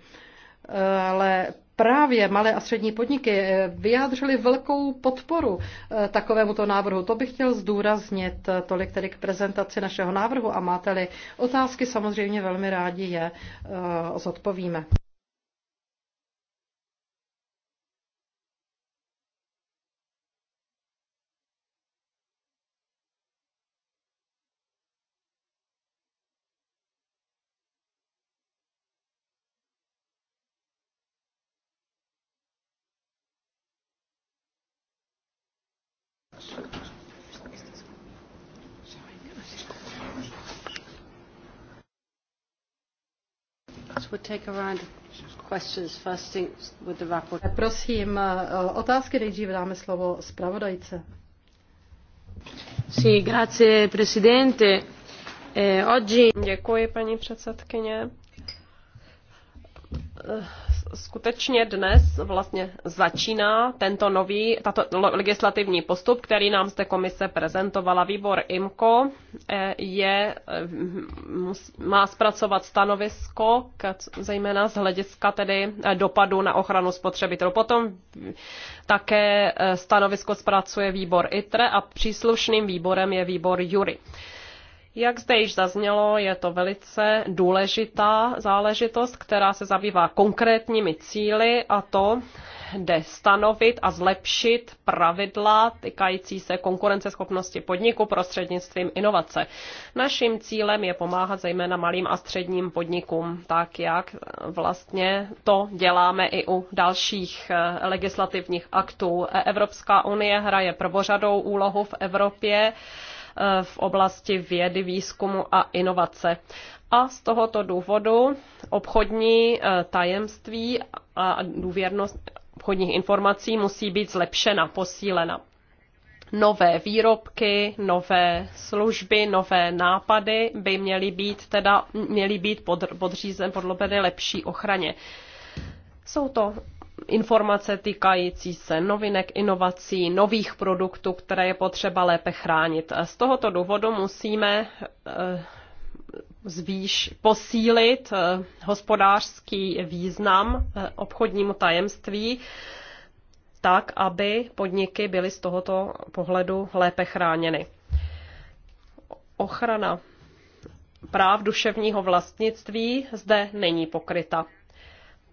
ale právě malé a střední podniky eh, vyjádřily velkou podporu eh, takovémuto návrhu. To bych chtěl zdůraznit eh, tolik tedy k prezentaci našeho návrhu a máte-li otázky, samozřejmě velmi rádi je zodpovíme. Eh, prosím, eh, otázky nejdříve dáme slovo zpravodajce. Sí, grazie, presidente. Eh, oggi... Děkuji, paní předsedkyně eh, skutečně dnes vlastně začíná tento nový, tato legislativní postup, který nám zde komise prezentovala. Výbor IMCO eh, je, eh, má zpracovat stanovisko, zejména z hlediska tedy eh, dopadu na ochranu spotřebitelů. Potom také stanovisko zpracuje výbor ITRE a příslušným výborem je výbor JURY. Jak zde již zaznělo, je to velice důležitá záležitost, která se zabývá konkrétními cíly a to jde stanovit a zlepšit pravidla týkající se konkurenceschopnosti podniku prostřednictvím inovace. Naším cílem je pomáhat zejména malým a středním podnikům, tak jak vlastně to děláme i u dalších eh, legislativních aktů. Evropská unie hraje prvořadou úlohu v Evropě Eh, v oblasti vědy, výzkumu a inovace. A z tohoto důvodu obchodní eh, tajemství a důvěrnost obchodních informací musí být zlepšena, posílena. Nové výrobky, nové služby, nové nápady by měly být, teda, měly být pod, podřízen podlobeny lepší ochraně. Jsou to informace týkající se novinek, inovací, nových produktů, které je potřeba lépe chránit. Z tohoto důvodu musíme eh, zvýš, posílit eh, hospodářský význam eh, obchodnímu tajemství tak, aby podniky byly z tohoto pohledu lépe chráněny. Ochrana práv duševního vlastnictví zde není pokryta.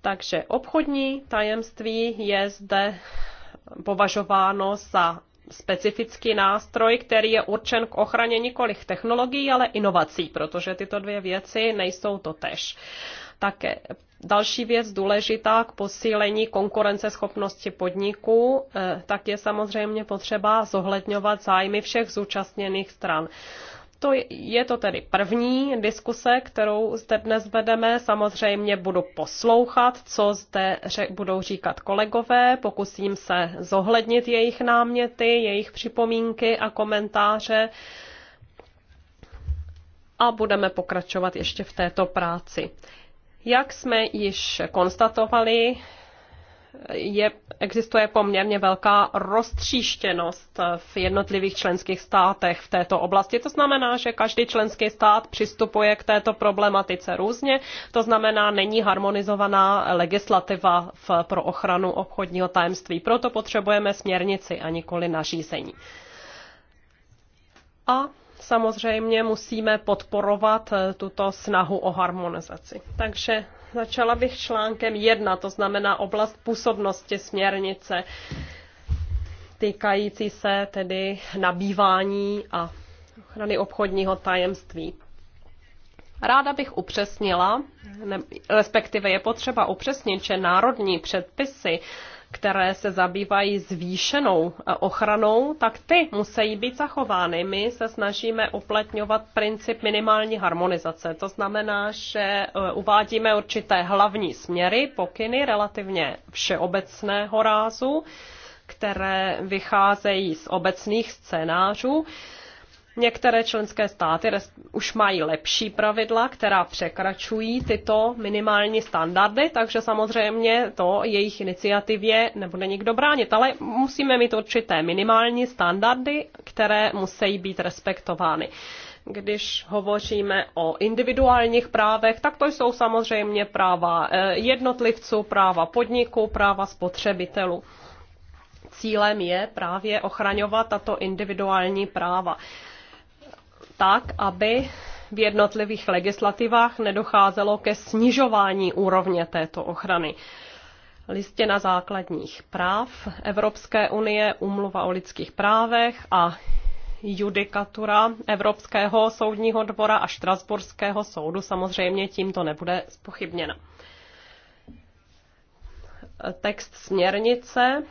Takže obchodní tajemství je zde považováno za specifický nástroj, který je určen k ochraně nikoliv technologií, ale inovací, protože tyto dvě věci nejsou to tež. Také další věc důležitá k posílení konkurenceschopnosti podniků, eh, tak je samozřejmě potřeba zohledňovat zájmy všech zúčastněných stran. To je to tedy první diskuse, kterou zde dnes vedeme. Samozřejmě budu poslouchat, co zde budou říkat kolegové, pokusím se zohlednit jejich náměty, jejich připomínky a komentáře a budeme pokračovat ještě v této práci. Jak jsme již konstatovali, je, existuje poměrně velká roztříštěnost v jednotlivých členských státech v této oblasti. To znamená, že každý členský stát přistupuje k této problematice různě. To znamená, není harmonizovaná legislativa v, pro ochranu obchodního tajemství. Proto potřebujeme směrnici a nikoli nařízení. A samozřejmě musíme podporovat tuto snahu o harmonizaci. Takže Začala bych článkem 1, to znamená oblast působnosti směrnice týkající se tedy nabývání a ochrany obchodního tajemství. Ráda bych upřesnila, respektive je potřeba upřesnit, že národní předpisy které se zabývají zvýšenou eh, ochranou, tak ty musí být zachovány. My se snažíme uplatňovat princip minimální harmonizace. To znamená, že eh, uvádíme určité hlavní směry, pokyny relativně všeobecného rázu, které vycházejí z obecných scénářů Některé členské státy už mají lepší pravidla, která překračují tyto minimální standardy, takže samozřejmě to jejich iniciativě nebude nikdo bránit. Ale musíme mít určité minimální standardy, které musí být respektovány když hovoříme o individuálních právech, tak to jsou samozřejmě práva eh, jednotlivců, práva podniků, práva spotřebitelů. Cílem je právě ochraňovat tato individuální práva tak, aby v jednotlivých legislativách nedocházelo ke snižování úrovně této ochrany. Listina základních práv Evropské unie, umluva o lidských právech a judikatura Evropského soudního dvora a Štrasburského soudu samozřejmě tímto nebude spochybněna. Text směrnice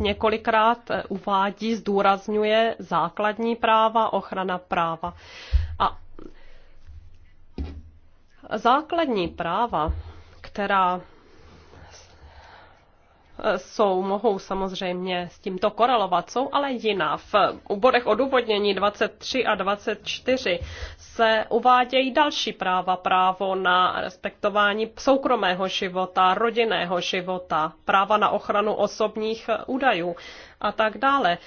několikrát eh, uvádí, zdůrazňuje základní práva, ochrana práva. A základní práva, která jsou, mohou samozřejmě s tímto korelovat, jsou ale jiná. V úborech odůvodnění 23 a 24 se uvádějí další práva, právo na respektování soukromého života, rodinného života, práva na ochranu osobních údajů a tak dále.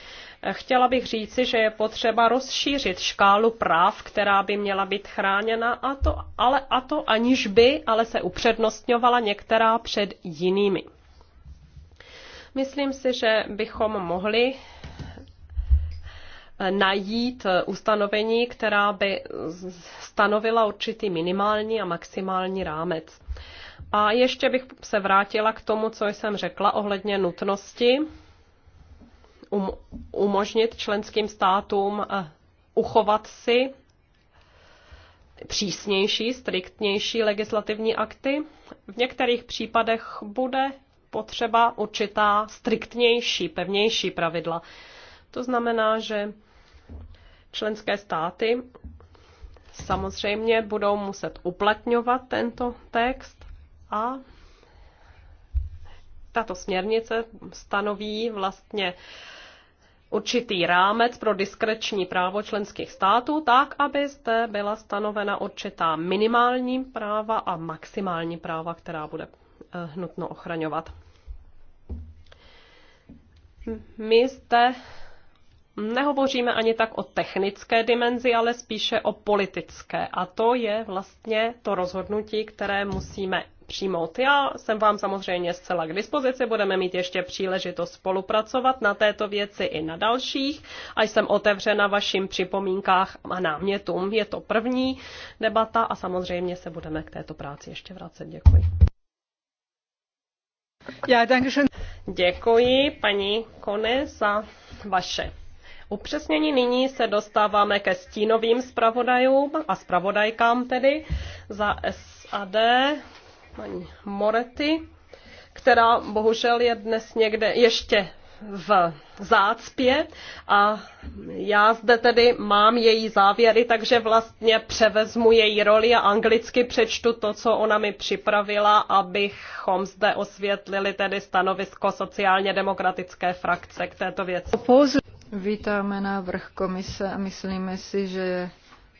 Chtěla bych říci, že je potřeba rozšířit škálu práv, která by měla být chráněna, a to, ale, a to aniž by ale se upřednostňovala některá před jinými. Myslím si, že bychom mohli Eh, najít eh, ustanovení, která by stanovila určitý minimální a maximální rámec. A ještě bych se vrátila k tomu, co jsem řekla ohledně nutnosti um, umožnit členským státům eh, uchovat si přísnější, striktnější legislativní akty. V některých případech bude potřeba určitá striktnější, pevnější pravidla. To znamená, že Členské státy samozřejmě budou muset uplatňovat tento text a tato směrnice stanoví vlastně určitý rámec pro diskreční právo členských států, tak, aby zde byla stanovena určitá minimální práva a maximální práva, která bude eh, nutno ochraňovat. My zde nehovoříme ani tak o technické dimenzi, ale spíše o politické. A to je vlastně to rozhodnutí, které musíme přijmout. Já jsem vám samozřejmě zcela k dispozici, budeme mít ještě příležitost spolupracovat na této věci i na dalších a jsem otevřena vašim připomínkách a námětům. Je to první debata a samozřejmě se budeme k této práci ještě vracet. Děkuji. Já, Děkuji paní Kone za vaše upřesnění. Nyní se dostáváme ke stínovým zpravodajům a zpravodajkám tedy za SAD, paní Morety, která bohužel je dnes někde ještě v zácpě a já zde tedy mám její závěry, takže vlastně převezmu její roli a anglicky přečtu to, co ona mi připravila, abychom zde osvětlili tedy stanovisko sociálně demokratické frakce k této věci. Vítáme návrh komise a myslíme si, že je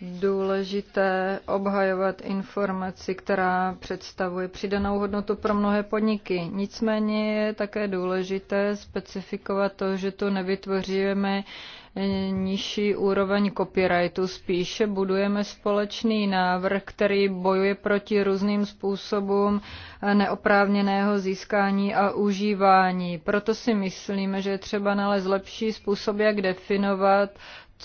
důležité obhajovat informaci, která představuje přidanou hodnotu pro mnohé podniky. Nicméně je také důležité specifikovat to, že tu nevytvoříme nižší úroveň copyrightu. Spíše budujeme společný návrh, který bojuje proti různým způsobům neoprávněného získání a užívání. Proto si myslíme, že je třeba nalézt lepší způsob, jak definovat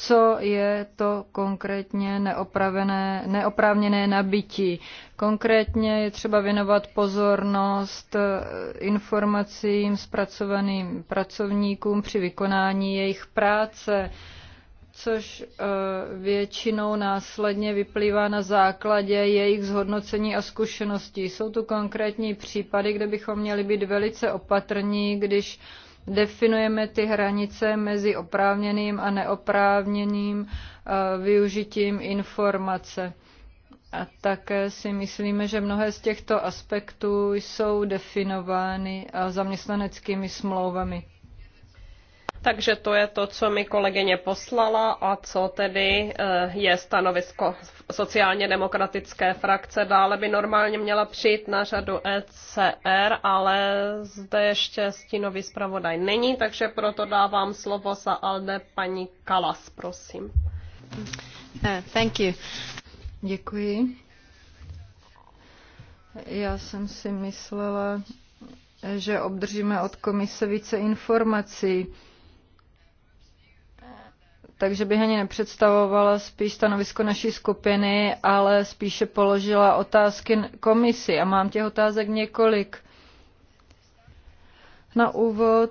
co je to konkrétně neopravené, neoprávněné nabití. Konkrétně je třeba věnovat pozornost eh, informacím zpracovaným pracovníkům při vykonání jejich práce což eh, většinou následně vyplývá na základě jejich zhodnocení a zkušeností. Jsou tu konkrétní případy, kde bychom měli být velice opatrní, když definujeme ty hranice mezi oprávněným a neoprávněným eh, využitím informace. A také si myslíme, že mnohé z těchto aspektů jsou definovány eh, zaměstnaneckými smlouvami. Takže to je to, co mi kolegyně poslala a co tedy eh, je stanovisko sociálně demokratické frakce. Dále by normálně měla přijít na řadu ECR, ale zde ještě stínový zpravodaj není, takže proto dávám slovo za Alde paní Kalas, prosím. Eh, thank you. Děkuji. Já jsem si myslela, že obdržíme od komise více informací takže bych ani nepředstavovala spíš stanovisko naší skupiny, ale spíše položila otázky komisi a mám těch otázek několik. Na úvod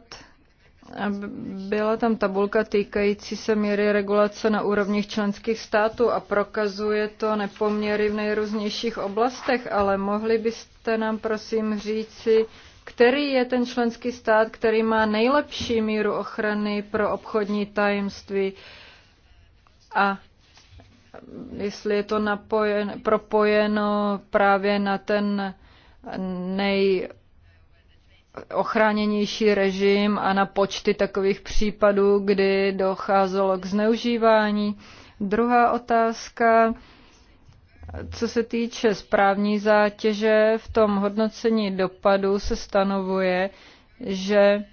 byla tam tabulka týkající se míry regulace na úrovních členských států a prokazuje to nepoměry v nejrůznějších oblastech, ale mohli byste nám prosím říci, který je ten členský stát, který má nejlepší míru ochrany pro obchodní tajemství a jestli je to napojen, propojeno právě na ten nejochráněnější režim a na počty takových případů, kdy docházelo k zneužívání. Druhá otázka co se týče správní zátěže, v tom hodnocení dopadu se stanovuje, že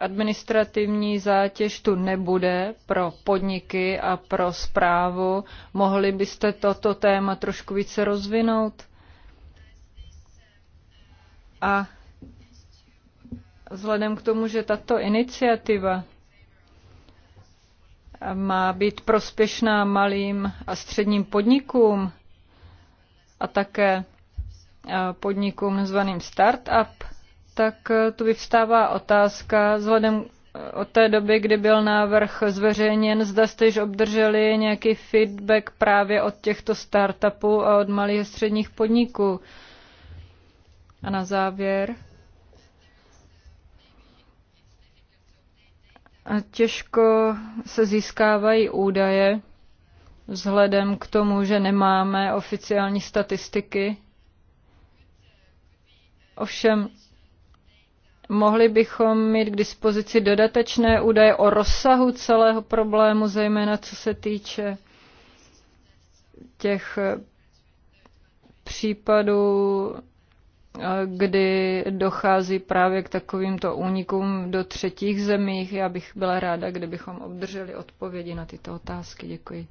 administrativní zátěž tu nebude pro podniky a pro zprávu. Mohli byste toto téma trošku více rozvinout? A vzhledem k tomu, že tato iniciativa má být prospěšná malým a středním podnikům, a také eh, podnikům nazvaným startup, tak eh, tu vyvstává otázka, vzhledem eh, od té doby, kdy byl návrh zveřejněn, zda jste již obdrželi nějaký feedback právě od těchto startupů a od malých a středních podniků. A na závěr. těžko se získávají údaje vzhledem k tomu, že nemáme oficiální statistiky. Ovšem, mohli bychom mít k dispozici dodatečné údaje o rozsahu celého problému, zejména co se týče těch eh, případů, eh, kdy dochází právě k takovýmto únikům do třetích zemích. Já bych byla ráda, kdybychom obdrželi odpovědi na tyto otázky. Děkuji.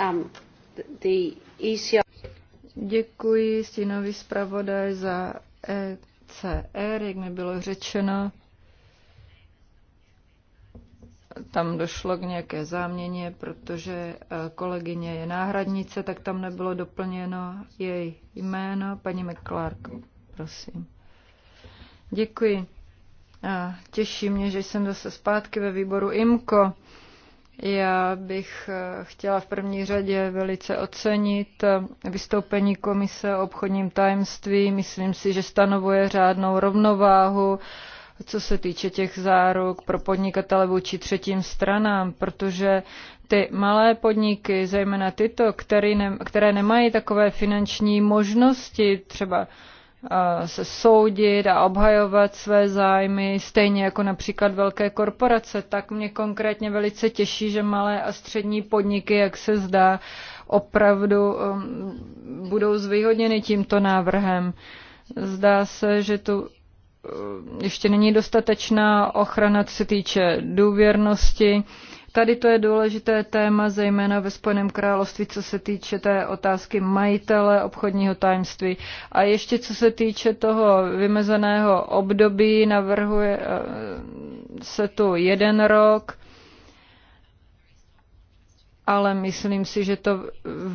Um, the ECR... Děkuji stínový zpravodaj za ECR, jak mi bylo řečeno. Tam došlo k nějaké záměně, protože eh, kolegyně je náhradnice, tak tam nebylo doplněno její jméno. Paní McClark, prosím. Děkuji. A těší mě, že jsem zase zpátky ve výboru IMKO. Já bych eh, chtěla v první řadě velice ocenit eh, vystoupení komise o obchodním tajemství. Myslím si, že stanovuje řádnou rovnováhu co se týče těch záruk pro podnikatele vůči třetím stranám, protože ty malé podniky, zejména tyto, které, které nemají takové finanční možnosti, třeba se soudit a obhajovat své zájmy, stejně jako například velké korporace, tak mě konkrétně velice těší, že malé a střední podniky, jak se zdá, opravdu um, budou zvýhodněny tímto návrhem. Zdá se, že tu um, ještě není dostatečná ochrana, co se týče důvěrnosti Tady to je důležité téma, zejména ve Spojeném království, co se týče té otázky majitele obchodního tajemství. A ještě co se týče toho vymezeného období, navrhuje eh, se tu jeden rok ale myslím si, že to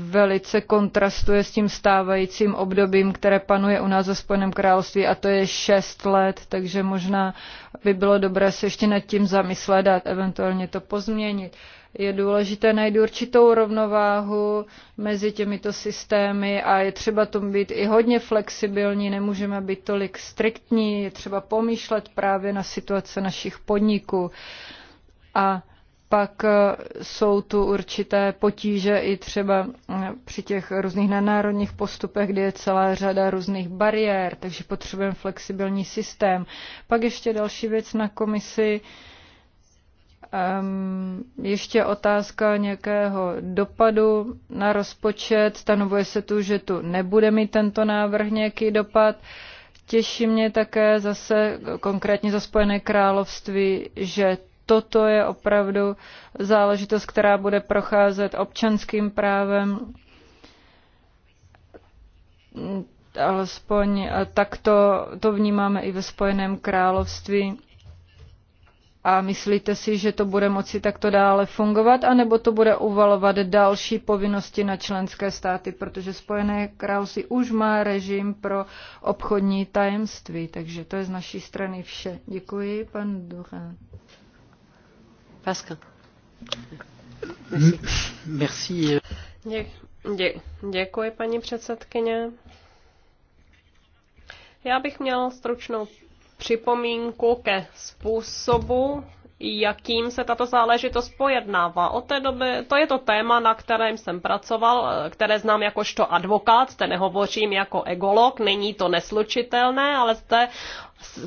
velice kontrastuje s tím stávajícím obdobím, které panuje u nás ve Spojeném království, a to je šest let, takže možná by bylo dobré se ještě nad tím zamyslet a eventuálně to pozměnit. Je důležité najít určitou rovnováhu mezi těmito systémy a je třeba tom být i hodně flexibilní, nemůžeme být tolik striktní, je třeba pomýšlet právě na situace našich podniků. A pak eh, jsou tu určité potíže i třeba eh, při těch různých nenárodních postupech, kde je celá řada různých bariér, takže potřebujeme flexibilní systém. Pak ještě další věc na komisi. Um, ještě otázka nějakého dopadu na rozpočet. Stanovuje se tu, že tu nebude mít tento návrh nějaký dopad. Těší mě také zase konkrétně za Spojené království, že toto je opravdu záležitost, která bude procházet občanským právem alespoň eh, takto to vnímáme i ve Spojeném království. A myslíte si, že to bude moci takto dále fungovat, anebo to bude uvalovat další povinnosti na členské státy, protože Spojené království už má režim pro obchodní tajemství. Takže to je z naší strany vše. Děkuji, pan Duchan děkuji, paní předsedkyně. Já bych měl stručnou připomínku ke způsobu, jakým se tato záležitost pojednává. Od té doby, to je to téma, na kterém jsem pracoval, které znám jakožto advokát, zde nehovořím jako egolog, není to neslučitelné, ale zde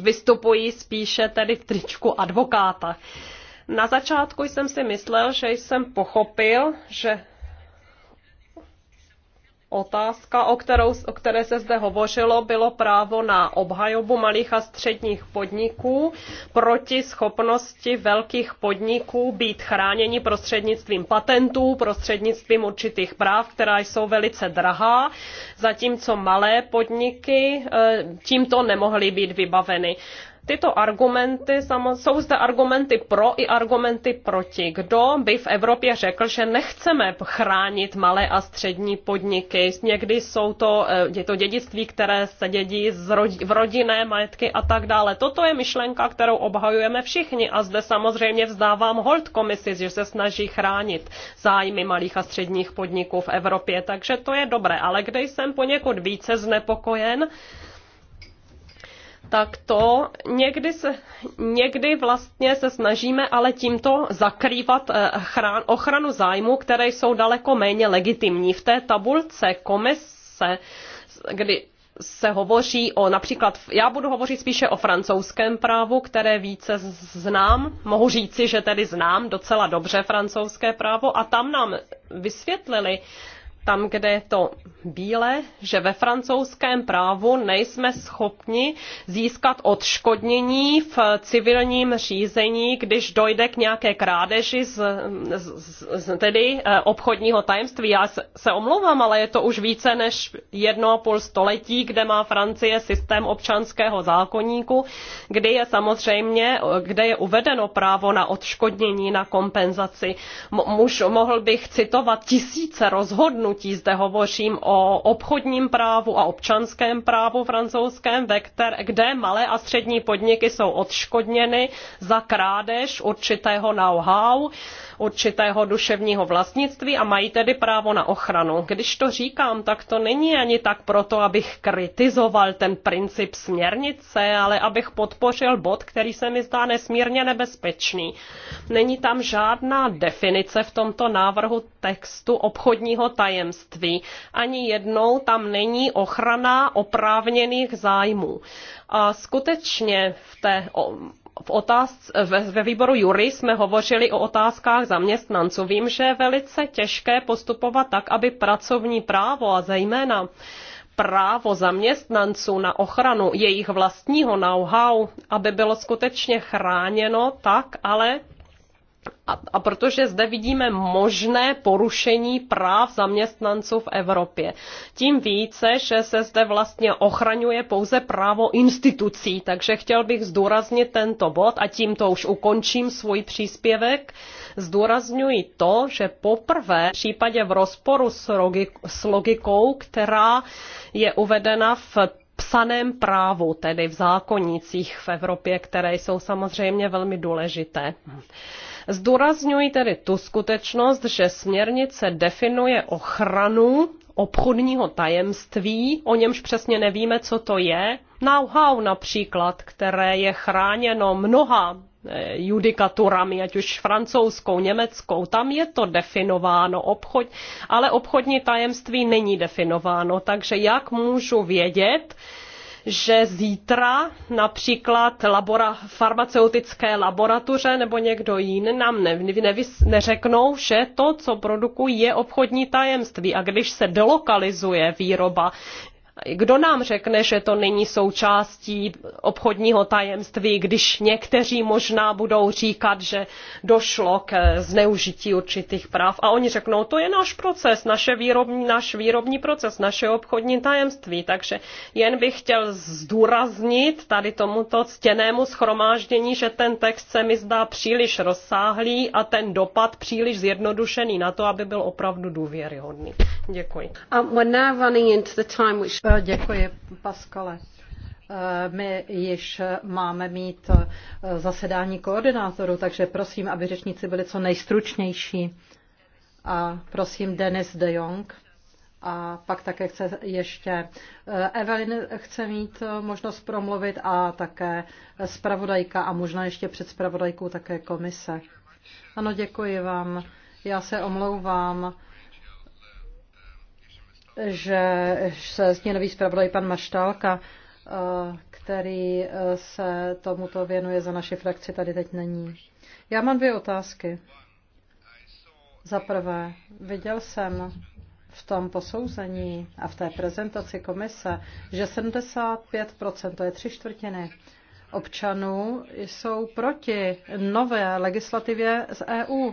vystupuji spíše tedy v tričku advokáta. Uh, na začátku jsem si myslel, že jsem pochopil, že otázka, o, kterou, o které se zde hovořilo, bylo právo na obhajobu malých a středních podniků proti schopnosti velkých podniků být chráněni prostřednictvím patentů, prostřednictvím určitých práv, která jsou velice drahá, zatímco malé podniky eh, tímto nemohly být vybaveny tyto argumenty, jsou zde argumenty pro i argumenty proti. Kdo by v Evropě řekl, že nechceme chránit malé a střední podniky? Někdy jsou to, eh, je to dědictví, které se dědí z rodi, v rodinné majetky a tak dále. Toto je myšlenka, kterou obhajujeme všichni a zde samozřejmě vzdávám hold komisi, že se snaží chránit zájmy malých a středních podniků v Evropě, takže to je dobré. Ale kde jsem poněkud více znepokojen, tak to někdy, se, někdy vlastně se snažíme ale tímto zakrývat eh, chrán, ochranu zájmu, které jsou daleko méně legitimní. V té tabulce komise, kdy se hovoří o například, já budu hovořit spíše o francouzském právu, které více znám, mohu říci, že tedy znám docela dobře francouzské právo a tam nám vysvětlili, tam, kde je to bílé, že ve francouzském právu nejsme schopni získat odškodnění v civilním řízení, když dojde k nějaké krádeži z, z, z tedy eh, obchodního tajemství. Já se, se omlouvám, ale je to už více než jedno a půl století, kde má Francie systém občanského zákoníku, kde je samozřejmě, kde je uvedeno právo na odškodnění, na kompenzaci. Muž, mohl bych citovat tisíce rozhodnutí, rozhodnutí. Zde hovořím o obchodním právu a občanském právu francouzském, ve které, kde malé a střední podniky jsou odškodněny za krádež určitého know-how určitého duševního vlastnictví a mají tedy právo na ochranu. Když to říkám, tak to není ani tak proto, abych kritizoval ten princip směrnice, ale abych podpořil bod, který se mi zdá nesmírně nebezpečný. Není tam žádná definice v tomto návrhu textu obchodního tajemství. Ani jednou tam není ochrana oprávněných zájmů. A skutečně v té v otázce, ve, ve výboru Jury jsme hovořili o otázkách zaměstnanců. Vím, že je velice těžké postupovat tak, aby pracovní právo a zejména právo zaměstnanců na ochranu jejich vlastního know-how, aby bylo skutečně chráněno tak, ale a, a protože zde vidíme možné porušení práv zaměstnanců v Evropě. Tím více, že se zde vlastně ochraňuje pouze právo institucí, takže chtěl bych zdůraznit tento bod a tímto už ukončím svůj příspěvek. Zdůrazňuji to, že poprvé v případě v rozporu s, logik- s logikou, která je uvedena v psaném právu, tedy v zákonících v Evropě, které jsou samozřejmě velmi důležité. Zdůrazňuji tedy tu skutečnost, že směrnice definuje ochranu obchodního tajemství, o němž přesně nevíme, co to je. Know-how například, které je chráněno mnoha eh, judikaturami, ať už francouzskou, německou, tam je to definováno, obchod, ale obchodní tajemství není definováno, takže jak můžu vědět, že zítra například labora, farmaceutické laboratoře nebo někdo jiný nám ne, nevys, neřeknou, že to, co produkují, je obchodní tajemství. A když se delokalizuje výroba, kdo nám řekne, že to není součástí obchodního tajemství, když někteří možná budou říkat, že došlo k zneužití určitých práv a oni řeknou, no, to je náš proces, naše výrobní, náš výrobní proces, naše obchodní tajemství. Takže jen bych chtěl zdůraznit tady tomuto ctěnému schromáždění, že ten text se mi zdá příliš rozsáhlý a ten dopad příliš zjednodušený na to, aby byl opravdu důvěryhodný. Děkuji. Uh, we're now running into the time which... Eh, děkuji, Paskale. Eh, my již máme mít eh, zasedání koordinátorů, takže prosím, aby řečníci byli co nejstručnější. A prosím, Denis de Jong. A pak také chce ještě Evelyn chce mít možnost promluvit a také zpravodajka a možná ještě před zpravodajkou také komise. Ano, děkuji vám. Já se omlouvám že se stínový zpravodaj pan Maštálka, eh, který eh, se tomuto věnuje za naši frakci, tady teď není. Já mám dvě otázky. Za prvé, viděl jsem v tom posouzení a v té prezentaci komise, že 75%, to je tři čtvrtiny, občanů jsou proti nové legislativě z EU.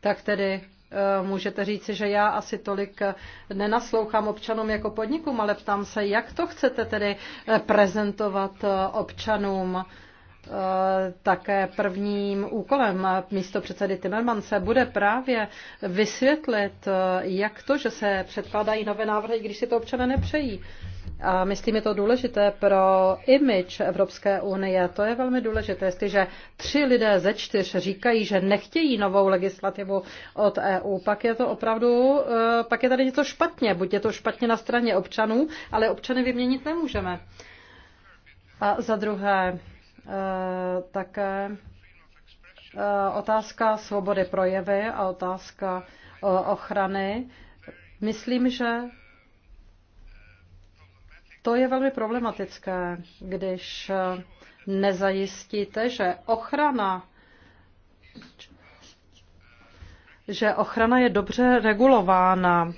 Tak tedy Eh, můžete říci, že já asi tolik eh, nenaslouchám občanům jako podnikům, ale ptám se, jak to chcete tedy eh, prezentovat občanům? také prvním úkolem místo předsedy Timmermanse bude právě vysvětlit, jak to, že se předkládají nové návrhy, když si to občané nepřejí. A myslím, je to důležité pro image Evropské unie. To je velmi důležité, jestliže tři lidé ze čtyř říkají, že nechtějí novou legislativu od EU, pak je to opravdu, eh, pak je tady něco špatně. Buď je to špatně na straně občanů, ale občany vyměnit nemůžeme. A za druhé, eh, také eh, otázka svobody projevy a otázka ochrany. Myslím, že to je velmi problematické, když eh, nezajistíte, že ochrana že ochrana je dobře regulována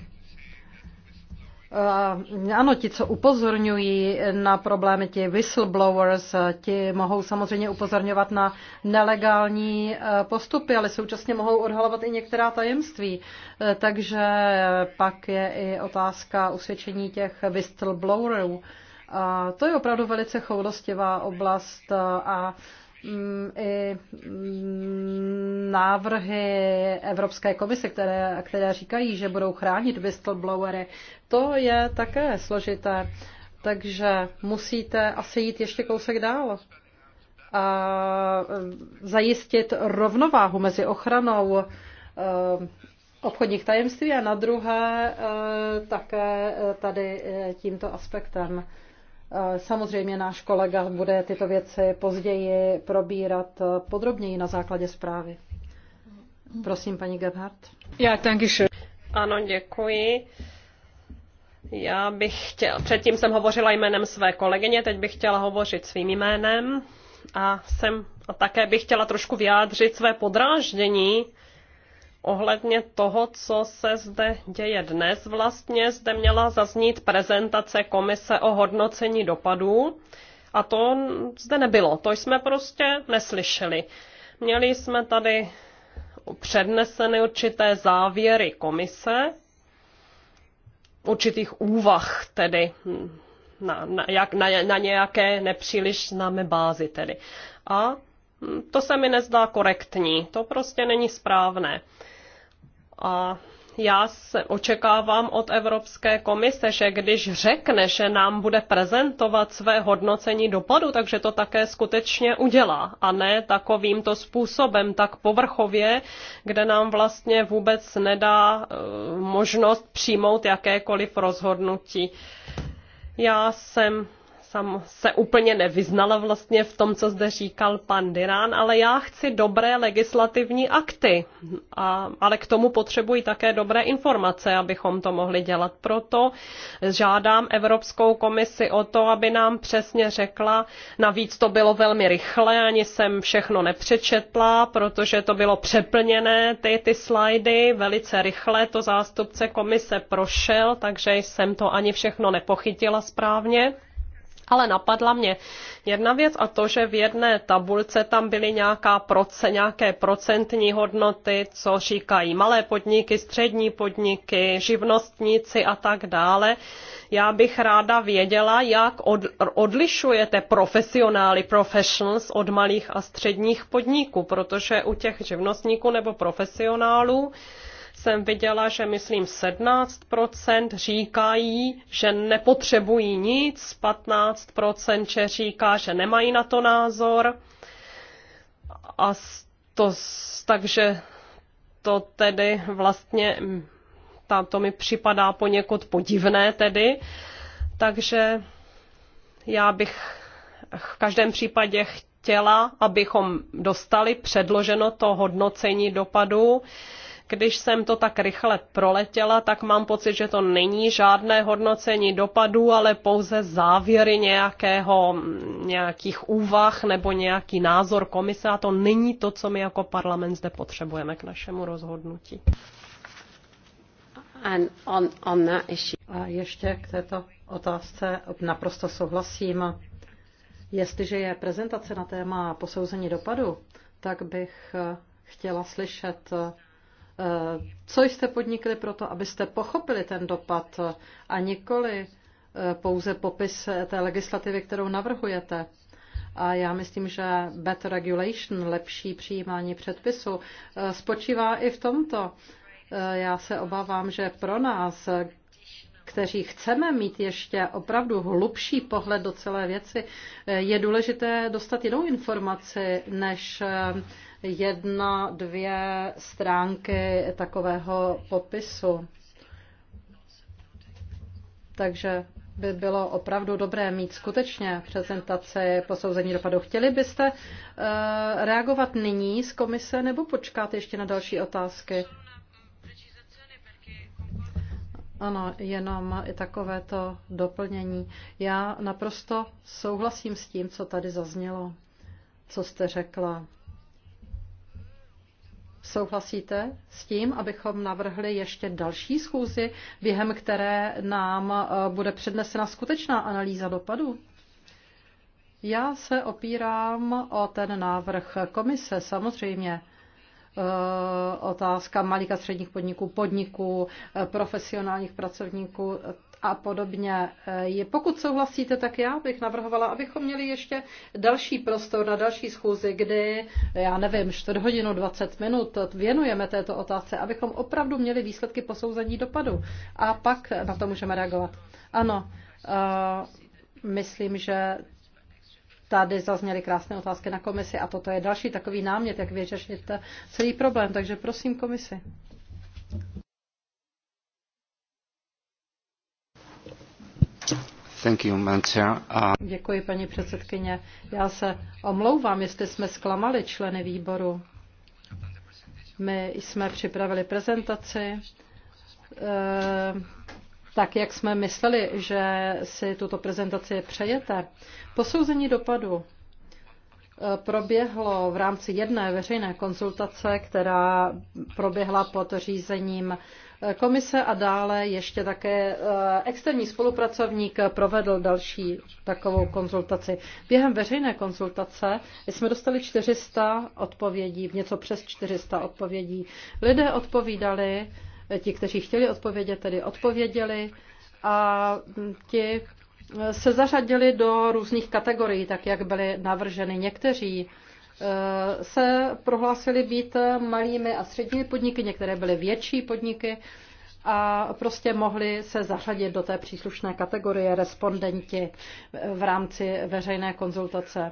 Eh, ano, ti, co upozorňují na problémy, ti whistleblowers, ti mohou samozřejmě upozorňovat na nelegální eh, postupy, ale současně mohou odhalovat i některá tajemství. Eh, takže pak je i otázka usvědčení těch whistleblowerů. A to je opravdu velice choulostivá oblast a Mm, i mm, návrhy Evropské komise, které, které říkají, že budou chránit whistleblowery. To je také složité, takže musíte asi jít ještě kousek dál a e, zajistit rovnováhu mezi ochranou e, obchodních tajemství a na druhé e, také tady tímto aspektem. Eh, samozřejmě náš kolega bude tyto věci později probírat eh, podrobněji na základě zprávy. Prosím, paní Gebhardt. Já taky. Ano, děkuji. Já bych chtěl, předtím jsem hovořila jménem své kolegyně, teď bych chtěla hovořit svým jménem a jsem a také bych chtěla trošku vyjádřit své podráždění ohledně toho, co se zde děje dnes, vlastně zde měla zaznít prezentace komise o hodnocení dopadů a to zde nebylo. To jsme prostě neslyšeli. Měli jsme tady předneseny určité závěry komise, určitých úvah tedy na, na, jak, na, na nějaké nepříliš známé bázi tedy. A to se mi nezdá korektní, to prostě není správné. A já se očekávám od Evropské komise, že když řekne, že nám bude prezentovat své hodnocení dopadu, takže to také skutečně udělá a ne takovýmto způsobem, tak povrchově, kde nám vlastně vůbec nedá eh, možnost přijmout jakékoliv rozhodnutí. Já jsem sam se úplně nevyznala vlastně v tom, co zde říkal pan Dirán, ale já chci dobré legislativní akty, a, ale k tomu potřebuji také dobré informace, abychom to mohli dělat. Proto žádám Evropskou komisi o to, aby nám přesně řekla, navíc to bylo velmi rychle, ani jsem všechno nepřečetla, protože to bylo přeplněné, ty, ty slajdy, velice rychle to zástupce komise prošel, takže jsem to ani všechno nepochytila správně ale napadla mě jedna věc a to, že v jedné tabulce tam byly nějaká proce, nějaké procentní hodnoty, co říkají malé podniky, střední podniky, živnostníci a tak dále. Já bych ráda věděla, jak od, odlišujete profesionály, professionals od malých a středních podniků, protože u těch živnostníků nebo profesionálů jsem viděla, že myslím 17% říkají, že nepotřebují nic, 15% že říká, že nemají na to názor. A to, takže to tedy vlastně, tam to mi připadá poněkud podivné tedy, takže já bych v každém případě chtěla, abychom dostali předloženo to hodnocení dopadu když jsem to tak rychle proletěla, tak mám pocit, že to není žádné hodnocení dopadů, ale pouze závěry nějakého, mm, nějakých úvah nebo nějaký názor komise a to není to, co my jako parlament zde potřebujeme k našemu rozhodnutí. And on, on that issue. A ještě k této otázce naprosto souhlasím. Jestliže je prezentace na téma posouzení dopadu, tak bych chtěla slyšet Eh, co jste podnikli pro to, abyste pochopili ten dopad a nikoli eh, pouze popis eh, té legislativy, kterou navrhujete? A já myslím, že better regulation, lepší přijímání předpisu, spočívá i v tomto. Já se obávám, že pro nás, kteří chceme mít ještě opravdu hlubší pohled do celé věci, je důležité dostat jinou informaci, než jedna, dvě stránky takového popisu. Takže by bylo opravdu dobré mít skutečně prezentaci posouzení dopadu. Chtěli byste eh, reagovat nyní z komise nebo počkat ještě na další otázky? Ano, jenom i takovéto doplnění. Já naprosto souhlasím s tím, co tady zaznělo, co jste řekla. Souhlasíte s tím, abychom navrhli ještě další schůzi, během které nám e, bude přednesena skutečná analýza dopadu? Já se opírám o ten návrh komise, samozřejmě. E, otázka malých a středních podniků, podniků, e, profesionálních pracovníků, a podobně. Eh, pokud souhlasíte, tak já bych navrhovala, abychom měli ještě další prostor na další schůzi, kdy, já nevím, 4 hodinu 20 minut věnujeme této otázce, abychom opravdu měli výsledky posouzení dopadu a pak na to můžeme reagovat. Ano, eh, myslím, že tady zazněly krásné otázky na komisi a toto je další takový námět, jak vyřešit celý problém. Takže prosím komisi. Uh, Děkuji, paní předsedkyně. Já se omlouvám, jestli jsme zklamali členy výboru. My jsme připravili prezentaci eh, tak, jak jsme mysleli, že si tuto prezentaci přejete. Posouzení dopadu eh, proběhlo v rámci jedné veřejné konzultace, která proběhla pod řízením komise a dále ještě také eh, externí spolupracovník provedl další takovou konzultaci. Během veřejné konzultace jsme dostali 400 odpovědí, něco přes 400 odpovědí. Lidé odpovídali, ti, kteří chtěli odpovědět, tedy odpověděli a ti eh, se zařadili do různých kategorií, tak jak byly navrženy někteří Eh, se prohlásily být malými a středními podniky, některé byly větší podniky a prostě mohli se zařadit do té příslušné kategorie respondenti v rámci veřejné konzultace.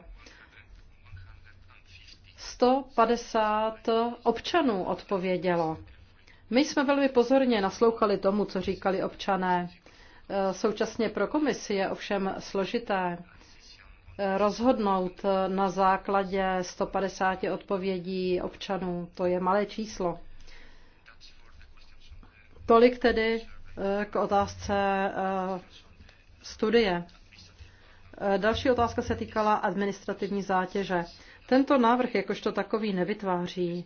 150 občanů odpovědělo. My jsme velmi pozorně naslouchali tomu, co říkali občané. Eh, současně pro komisi je ovšem složité rozhodnout na základě 150 odpovědí občanů. To je malé číslo. Tolik tedy eh, k otázce eh, studie. Eh, další otázka se týkala administrativní zátěže. Tento návrh jakožto takový nevytváří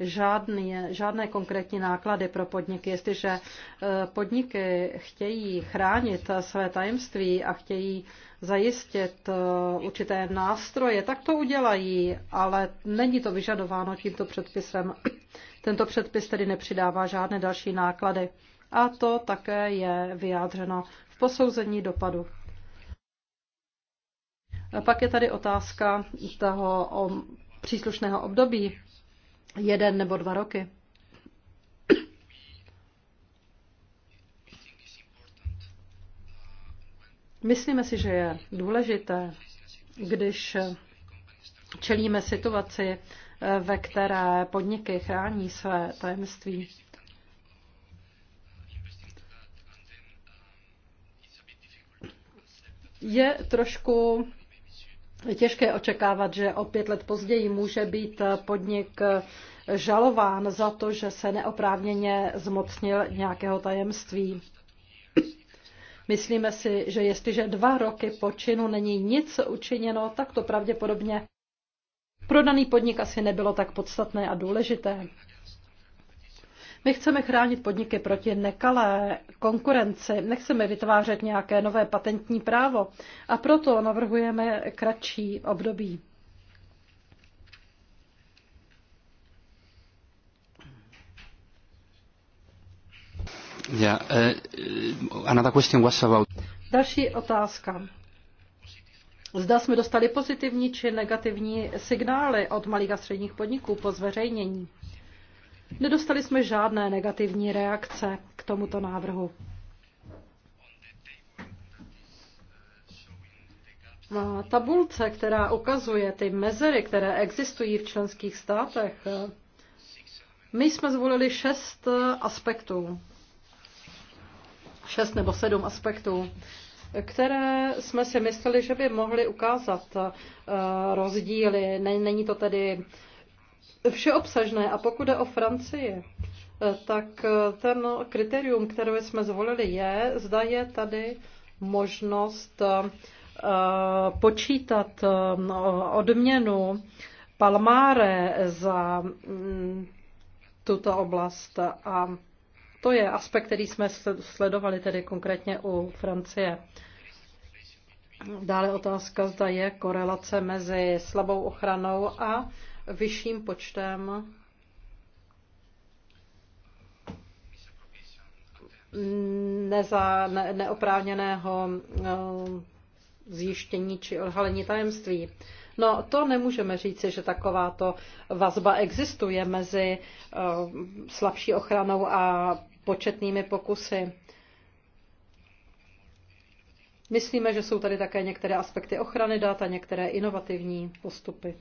žádné, žádné konkrétní náklady pro podniky. Jestliže podniky chtějí chránit své tajemství a chtějí zajistit eh, určité nástroje, tak to udělají, ale není to vyžadováno tímto předpisem. Tento předpis tedy nepřidává žádné další náklady. A to také je vyjádřeno v posouzení dopadu. A pak je tady otázka toho příslušného období, jeden nebo dva roky. Myslíme si, že je důležité, když čelíme situaci, ve které podniky chrání své tajemství. Je trošku těžké očekávat, že o pět let později může být podnik žalován za to, že se neoprávněně zmocnil nějakého tajemství. Myslíme si, že jestliže dva roky po činu není nic učiněno, tak to pravděpodobně pro daný podnik asi nebylo tak podstatné a důležité. My chceme chránit podniky proti nekalé konkurenci, nechceme vytvářet nějaké nové patentní právo a proto navrhujeme kratší období. Yeah, uh, another question was about... Další otázka. Zda jsme dostali pozitivní či negativní signály od malých a středních podniků po zveřejnění. Nedostali jsme žádné negativní reakce k tomuto návrhu. Na tabulce, která ukazuje ty mezery, které existují v členských státech, my jsme zvolili šest aspektů šest nebo sedm aspektů, které jsme si mysleli, že by mohly ukázat eh, rozdíly. Není to tedy všeobsažné. A pokud je o Francii, eh, tak eh, ten kritérium, které jsme zvolili, je, zda je tady možnost počítat odměnu Palmáre za mm, tuto oblast a to je aspekt, který jsme sledovali tedy konkrétně u Francie. Dále otázka, zda je korelace mezi slabou ochranou a vyšším počtem neza, ne, neoprávněného eh, zjištění či odhalení tajemství. No, to nemůžeme říci, že takováto vazba existuje mezi eh, slabší ochranou a početnými pokusy. Myslíme, že jsou tady také některé aspekty ochrany dat a některé inovativní postupy.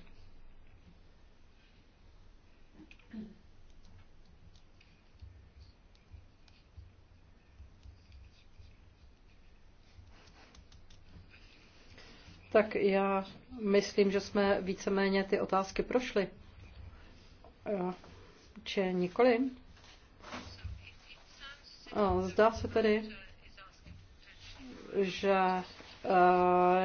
Tak já myslím, že jsme víceméně ty otázky prošli. Eh, Či nikoli? Zdá se tedy, že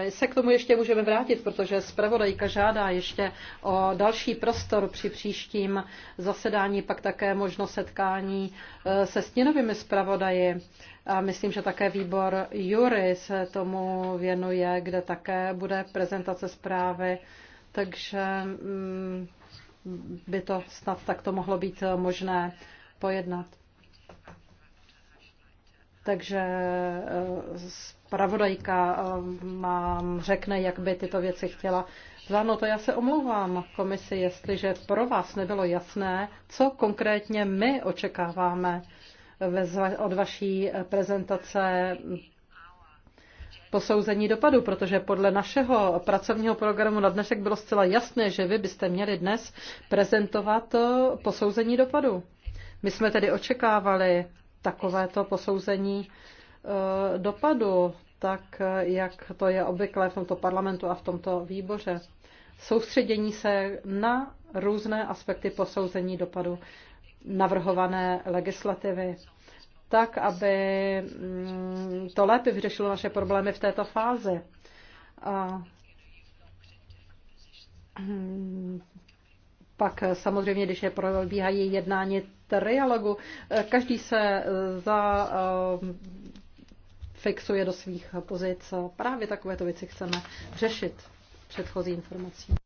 eh, se k tomu ještě můžeme vrátit, protože zpravodajka žádá ještě o další prostor při příštím zasedání, pak také možno setkání eh, se stěnovými zpravodaji. A myslím, že také výbor Jury se tomu věnuje, kde také bude prezentace zprávy. Takže mm, by to snad takto mohlo být eh, možné pojednat. Takže eh, zpravodajka mám eh, řekne, jak by tyto věci chtěla No, to já se omlouvám komisi, jestliže pro vás nebylo jasné, co konkrétně my očekáváme od vaší eh, prezentace posouzení dopadu, protože podle našeho pracovního programu na dnešek bylo zcela jasné, že vy byste měli dnes prezentovat posouzení dopadu. My jsme tedy očekávali takovéto posouzení e, dopadu, tak jak to je obvykle v tomto parlamentu a v tomto výboře. Soustředění se na různé aspekty posouzení dopadu navrhované legislativy, tak, aby mm, to lépe vyřešilo naše problémy v této fázi. A mm, pak samozřejmě, když je probíhají jednání trialogu. Eh, Každý se eh, za eh, fixuje do svých pozic. Právě takovéto věci chceme řešit předchozí informací.